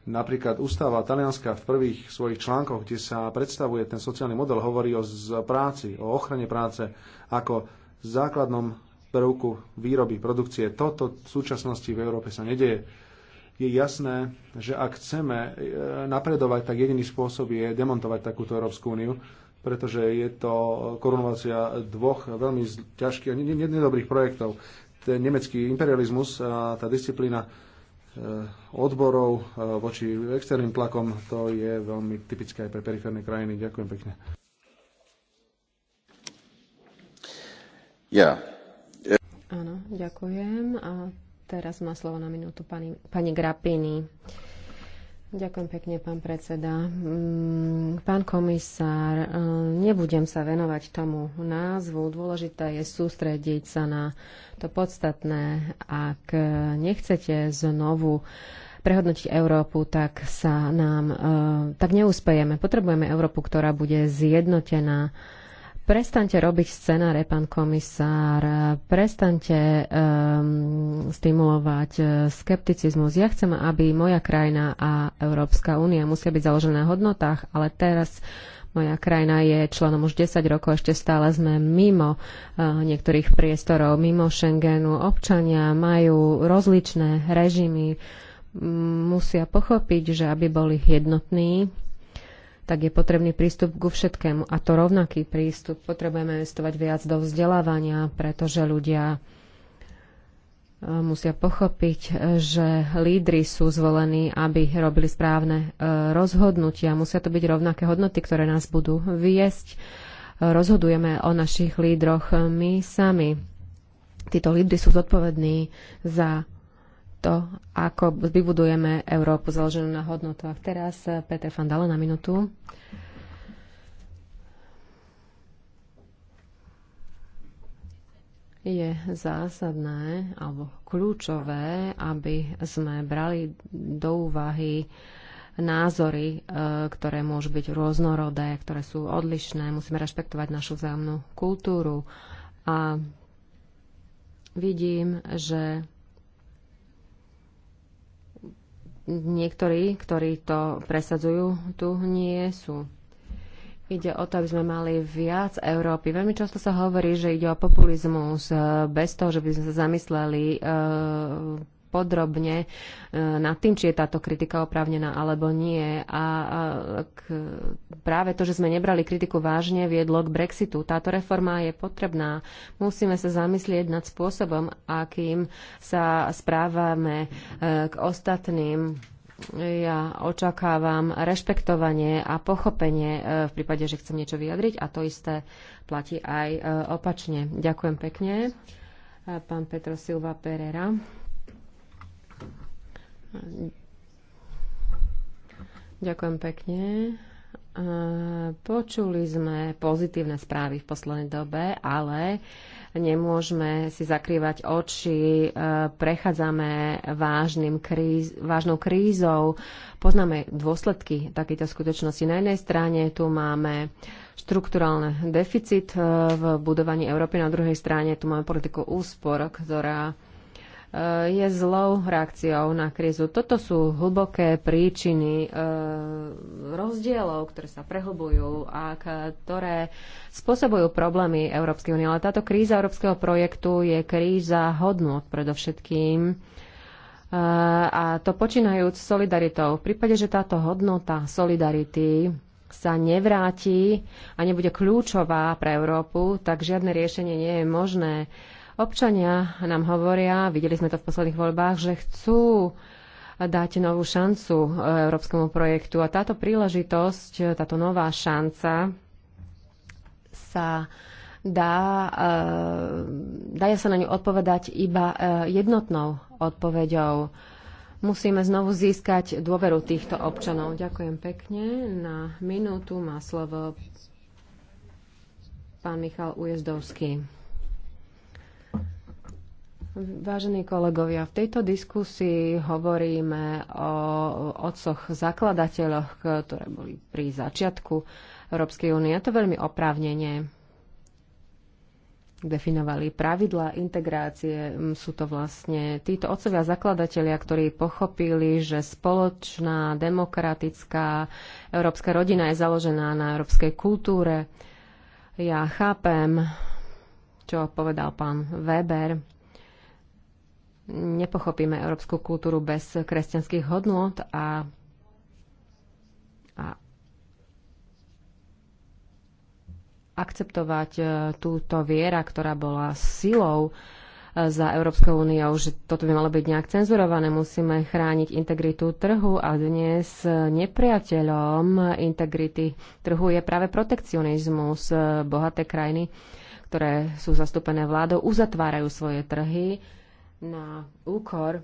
Napríklad ústava Talianska v prvých svojich článkoch, kde sa predstavuje ten sociálny model, hovorí o práci, o ochrane práce ako základnom prvku výroby, produkcie. Toto v súčasnosti v Európe sa nedeje. Je jasné, že ak chceme e, napredovať, tak jediný spôsob je demontovať takúto Európsku úniu, pretože je to korunovácia dvoch veľmi ťažkých a nedobrých projektov. Ten nemecký imperializmus, a tá disciplína Eh, odborov eh, voči externým tlakom, to je veľmi typické aj pre periférne krajiny. Ďakujem pekne. Ja. Áno, ďakujem. A teraz má slovo na minútu pani, pani Grapini. Ďakujem pekne, pán predseda. Mm, pán komisár, e, nebudem sa venovať tomu názvu. Dôležité je sústrediť sa na to podstatné. Ak nechcete znovu prehodnotiť Európu, tak sa nám, e, tak neúspejeme. Potrebujeme Európu, ktorá bude zjednotená Prestante robiť scenáre, pán komisár, prestante um, ehm, stimulovať e, skepticizmus. Ja chcem, aby moja krajina a Európska únia musia byť založená na hodnotách, ale teraz moja krajina je členom už 10 rokov, ešte stále sme mimo uh, niektorých priestorov, mimo Schengenu. Občania majú rozličné režimy, musia pochopiť, že aby boli jednotní, tak je potrebný prístup ku všetkému. A to rovnaký prístup. Potrebujeme investovať viac do vzdelávania, pretože ľudia e, musia pochopiť, e, že lídry sú zvolení, aby robili správne e, rozhodnutia. Musia to byť rovnaké hodnoty, ktoré nás budú viesť. Rozhodujeme o našich lídroch my sami. Títo lídry sú zodpovední za to, ako vybudujeme Európu založenú na hodnotách. Teraz eh, Peter van Dalen na minutu. je zásadné alebo kľúčové, aby sme brali do úvahy názory, eh, ktoré môžu byť rôznorodé, ktoré sú odlišné. Musíme rešpektovať našu vzájomnú kultúru. A vidím, že niektorí, ktorí to presadzujú, tu nie sú. Ide o to, aby sme mali viac Európy. Veľmi často sa hovorí, že ide o populizmus e, bez toho, že by sme sa zamysleli e, podrobne e, nad tým, či je táto kritika oprávnená alebo nie. A k, práve to, že sme nebrali kritiku vážne, viedlo k Brexitu. Táto reforma je potrebná. Musíme sa zamyslieť nad spôsobom, akým sa správame e, k ostatným ja očakávam rešpektovanie a pochopenie e, v prípade, že chcem niečo vyjadriť a to isté platí aj opačne. Ďakujem pekne. Pán Petro Silva Pereira. Ďakujem pekne. Počuli sme pozitívne správy v poslednej dobe, ale nemôžeme si zakrývať oči. E, prechádzame vážnym kríz, vážnou krízou. Poznáme dôsledky takéto skutočnosti. Na jednej strane tu máme štrukturálny deficit e, v budovaní Európy, na druhej strane tu máme politiku úspor, ktorá Eh, je zlou reakciou na krízu. Toto sú hlboké príčiny eh, rozdielov, ktoré sa prehlbujú a ktoré spôsobujú problémy Európskej únie. Ale táto kríza európskeho projektu je kríza hodnot predovšetkým eh, a to počínajúc solidaritou. V prípade, že táto hodnota solidarity sa nevráti a nebude kľúčová pre Európu, tak žiadne riešenie nie je možné. Uh, Občania nám hovoria, videli sme to v posledných voľbách, že chcú dať novú šancu e, európskemu projektu a táto príležitosť, e, táto nová šanca sa dá, e, dá sa na ňu odpovedať iba jednotnou odpoveďou. Musíme znovu získať dôveru týchto občanov. Ďakujem pekne. Na minútu má slovo pán Michal Ujezdovský. Vážení kolegovia, v tejto diskusii hovoríme o otcoch zakladateľoch, ktoré boli pri začiatku Európskej únie. To veľmi oprávnenie definovali pravidlá integrácie. Sú to vlastne títo otcovia zakladatelia, ktorí pochopili, že spoločná, demokratická európska rodina je založená na európskej kultúre. Ja chápem, čo povedal pán Weber, nepochopíme európsku kultúru bez kresťanských hodnôt a, a akceptovať e, túto viera, ktorá bola silou e, za Európskou úniou, že toto by malo byť nejak cenzurované. Musíme chrániť integritu trhu a dnes nepriateľom integrity trhu je práve protekcionizmus. E, bohaté krajiny, ktoré sú zastúpené vládou, uzatvárajú svoje trhy na úkor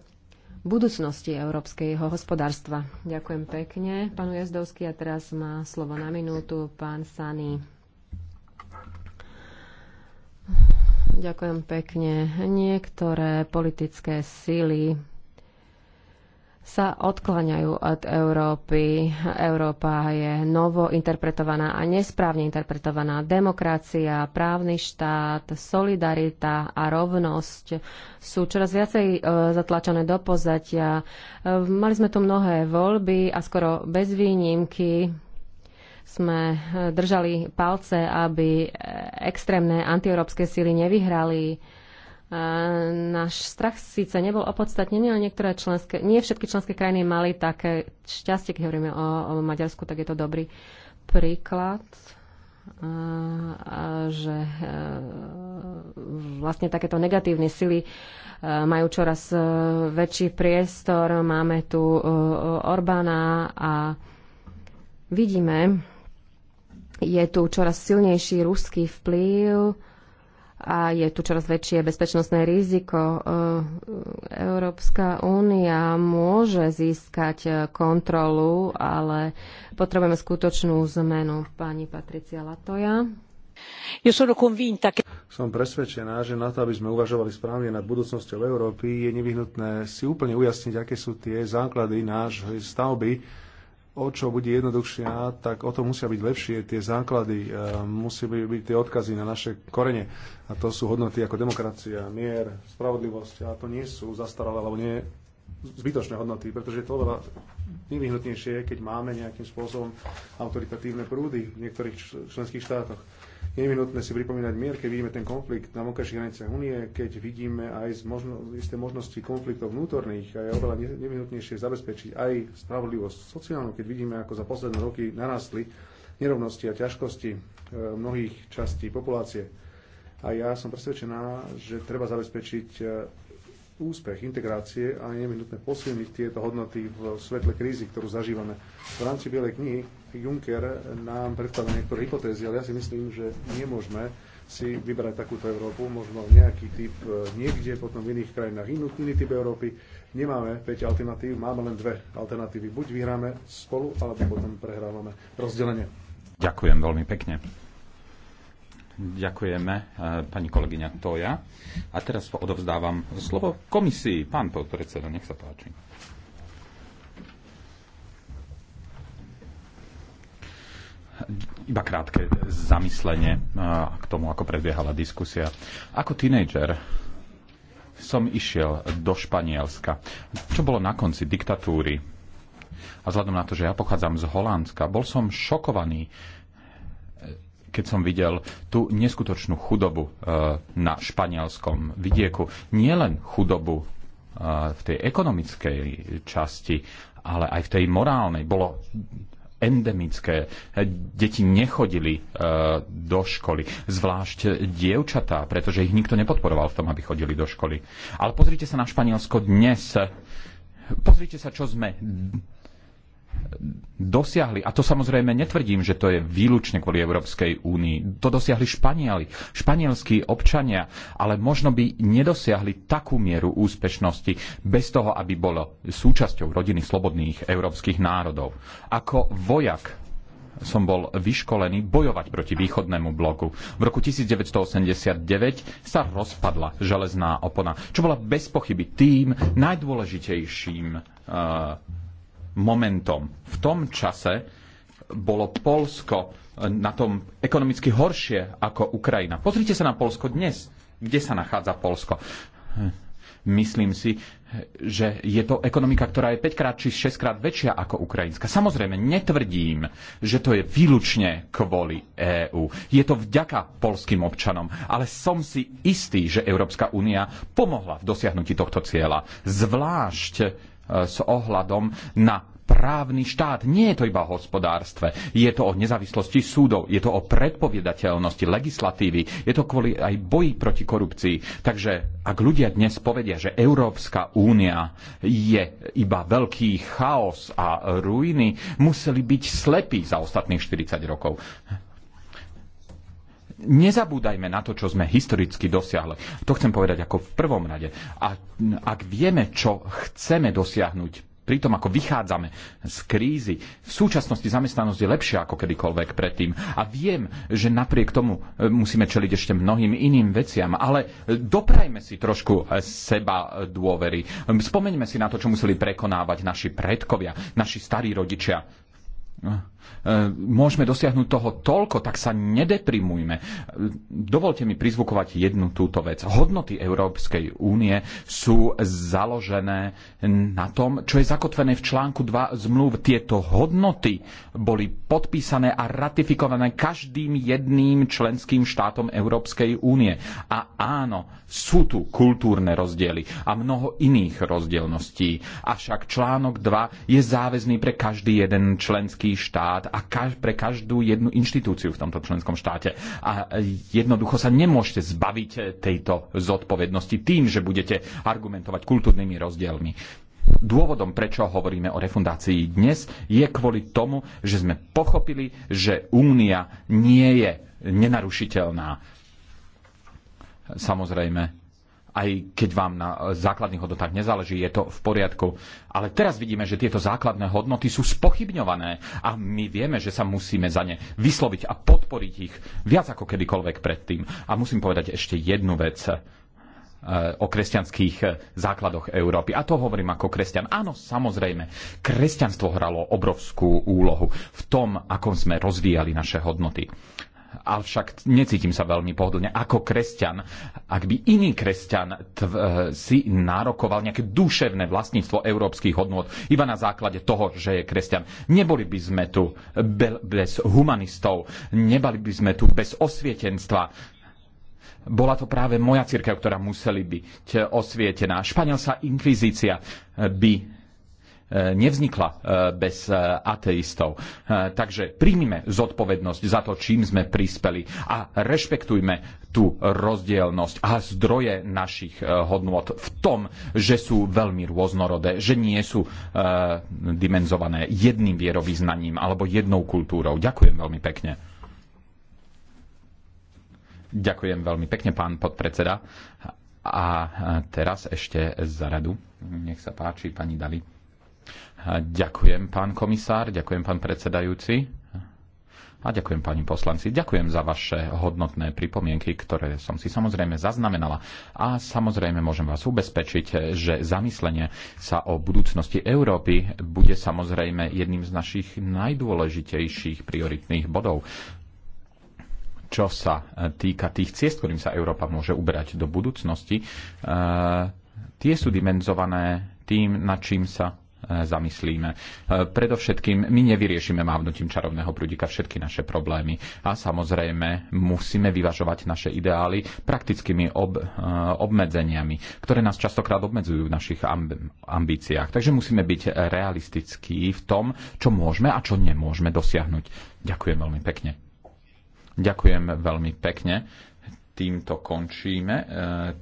budúcnosti európskeho hospodárstva. Ďakujem pekne, pán Jezdovský, A teraz má slovo na minútu pán Sany. Ďakujem pekne. Niektoré politické síly sa odkláňajú od Európy. Európa je novo interpretovaná a nesprávne interpretovaná. Demokracia, právny štát, solidarita a rovnosť sú čoraz viacej e, zatlačené do pozatia. E, mali sme tu mnohé voľby a skoro bez výnimky sme e, držali palce, aby extrémne antieurópske síly nevyhrali náš strach síce nebol opodstatnený, ale niektoré členské, nie všetky členské krajiny mali také šťastie, keď hovoríme o, o Maďarsku, tak je to dobrý príklad, že e, vlastne takéto negatívne sily e, majú čoraz e, väčší priestor. Máme tu Orbána a vidíme, je tu čoraz silnejší ruský vplyv a je tu čoraz väčšie bezpečnostné riziko. E, Európska únia môže získať e, kontrolu, ale potrebujeme skutočnú zmenu. Pani Patricia Latoja. Som presvedčená, že na to, aby sme uvažovali správne nad budúcnosťou Európy, je nevyhnutné si úplne ujasniť, aké sú tie základy nášho stavby, o čo bude jednoduchšia, tak o to musia byť lepšie tie základy, musí byť tie odkazy na naše korene. A to sú hodnoty ako demokracia, mier, spravodlivosť. A to nie sú zastaralé alebo nie zbytočné hodnoty, pretože je to oveľa nevyhnutnejšie, keď máme nejakým spôsobom autoritatívne prúdy v niektorých členských štátoch je nevyhnutné si pripomínať mier, keď vidíme ten konflikt na vonkajších hraniciach únie, keď vidíme aj z možno, isté možnosti konfliktov vnútorných a je oveľa nevyhnutnejšie zabezpečiť aj spravodlivosť sociálnu, keď vidíme, ako za posledné roky narastli nerovnosti a ťažkosti e, mnohých častí populácie. A ja som presvedčená, že treba zabezpečiť e, úspech integrácie a je nevyhnutné posilniť tieto hodnoty v svetle krízy, ktorú zažívame. V rámci Bielej knihy Juncker nám predstavil niektoré hypotézy, ale ja si myslím, že nemôžeme si vybrať takúto Európu, možno nejaký typ e, niekde, potom v iných krajinách inú, iný typ Európy. Nemáme 5 alternatív, máme len dve alternatívy. Buď vyhráme spolu, alebo potom prehrávame rozdelenie. Ďakujem veľmi pekne. Ďakujeme, e, pani kolegyňa Toja. A teraz odovzdávam slovo komisii. Pán podpredseda, nech sa páči. iba krátke zamyslenie k tomu, ako prebiehala diskusia. Ako tínejdžer som išiel do Španielska, čo bolo na konci diktatúry. A vzhľadom na to, že ja pochádzam z Holandska, bol som šokovaný, keď som videl tú neskutočnú chudobu e, na španielskom vidieku. Nielen chudobu e, v tej ekonomickej časti, ale aj v tej morálnej. Bolo endemické. Deti nechodili e, do školy, zvlášť dievčatá, pretože ich nikto nepodporoval v tom, aby chodili do školy. Ale pozrite sa na Španielsko dnes. Pozrite sa, čo sme dosiahli, a to samozrejme netvrdím, že to je výlučne kvôli Európskej únii, to dosiahli Španieli, španielskí občania, ale možno by nedosiahli takú mieru úspešnosti bez toho, aby bolo súčasťou rodiny slobodných európskych národov. Ako vojak som bol vyškolený bojovať proti východnému bloku. V roku 1989 sa rozpadla železná opona, čo bola bez pochyby tým najdôležitejším uh, momentom. V tom čase bolo Polsko eh, na tom ekonomicky horšie ako Ukrajina. Pozrite sa na Polsko dnes. Kde sa nachádza Polsko? Eh, myslím si, eh, že je to ekonomika, ktorá je 5 krát či 6 krát väčšia ako ukrajinská. Samozrejme, netvrdím, že to je výlučne kvôli EÚ. Je to vďaka polským občanom, ale som si istý, že Európska únia pomohla v dosiahnutí tohto cieľa. Zvlášť s ohľadom na právny štát. Nie je to iba o hospodárstve. Je to o nezávislosti súdov, je to o predpovedateľnosti legislatívy, je to kvôli aj boji proti korupcii. Takže ak ľudia dnes povedia, že Európska únia je iba veľký chaos a ruiny, museli byť slepí za ostatných 40 rokov nezabúdajme na to, čo sme historicky dosiahli. To chcem povedať ako v prvom rade. A ak vieme, čo chceme dosiahnuť pri tom, ako vychádzame z krízy, v súčasnosti zamestnanosť je lepšia ako kedykoľvek predtým. A viem, že napriek tomu e, musíme čeliť ešte mnohým iným veciam, ale e, doprajme si trošku e, seba dôvery. Spomeňme si na to, čo museli prekonávať naši predkovia, naši starí rodičia. E, môžeme dosiahnuť toho toľko, tak sa nedeprimujme. E, dovolte mi prizvukovať jednu túto vec. Hodnoty Európskej únie sú založené na tom, čo je zakotvené v článku 2 zmluv. Tieto hodnoty boli podpísané a ratifikované každým jedným členským štátom Európskej únie. A áno, sú tu kultúrne rozdiely a mnoho iných rozdielností. Avšak článok 2 je záväzný pre každý jeden členský štát štát a kaž, pre každú jednu inštitúciu v tomto členskom štáte. A jednoducho sa nemôžete zbaviť tejto zodpovednosti tým, že budete argumentovať kultúrnymi rozdielmi. Dôvodom, prečo hovoríme o refundácii dnes, je kvôli tomu, že sme pochopili, že únia nie je nenarušiteľná. Samozrejme, aj keď vám na základných hodnotách nezáleží, je to v poriadku. Ale teraz vidíme, že tieto základné hodnoty sú spochybňované a my vieme, že sa musíme za ne vysloviť a podporiť ich viac ako kedykoľvek predtým. A musím povedať ešte jednu vec eh, o kresťanských základoch Európy. A to hovorím ako kresťan. Áno, samozrejme, kresťanstvo hralo obrovskú úlohu v tom, ako sme rozvíjali naše hodnoty avšak necítim sa veľmi pohodlne ako kresťan. Ak by iný kresťan eh, si nárokoval nejaké duševné vlastníctvo európskych hodnôt iba na základe toho, že je kresťan, neboli by sme tu bez humanistov, nebali by sme tu bez osvietenstva, bola to práve moja církev, ktorá museli byť osvietená. Španielská inkvizícia by nevznikla e, bez e, ateistov. E, takže príjmime zodpovednosť za to, čím sme prispeli a rešpektujme tú rozdielnosť a zdroje našich hodnôt v tom, že sú veľmi rôznorodé, že nie sú dimenzované jedným vierovýznaním alebo jednou kultúrou. Ďakujem veľmi pekne. Ďakujem veľmi pekne, pán podpredseda. A teraz ešte za radu. Nech sa páči, pani Dali. Ďakujem, pán komisár, ďakujem, pán predsedajúci a ďakujem pani poslanci. Ďakujem za vaše hodnotné pripomienky, ktoré som si samozrejme zaznamenala. A samozrejme môžem vás ubezpečiť, že zamyslenie sa o budúcnosti Európy bude samozrejme jedným z našich najdôležitejších prioritných bodov čo sa týka tých ciest, ktorým sa Európa môže uberať do budúcnosti, eh, tie sú dimenzované tým, na čím sa E, zamyslíme. E, predovšetkým my nevyriešime mávnutím čarovného prúdika všetky naše problémy a samozrejme musíme vyvažovať naše ideály praktickými ob, e, obmedzeniami, ktoré nás častokrát obmedzujú v našich ambíciách. Takže musíme byť realistickí v tom, čo môžeme a čo nemôžeme dosiahnuť. Ďakujem veľmi pekne. Ďakujem veľmi pekne. Týmto končíme.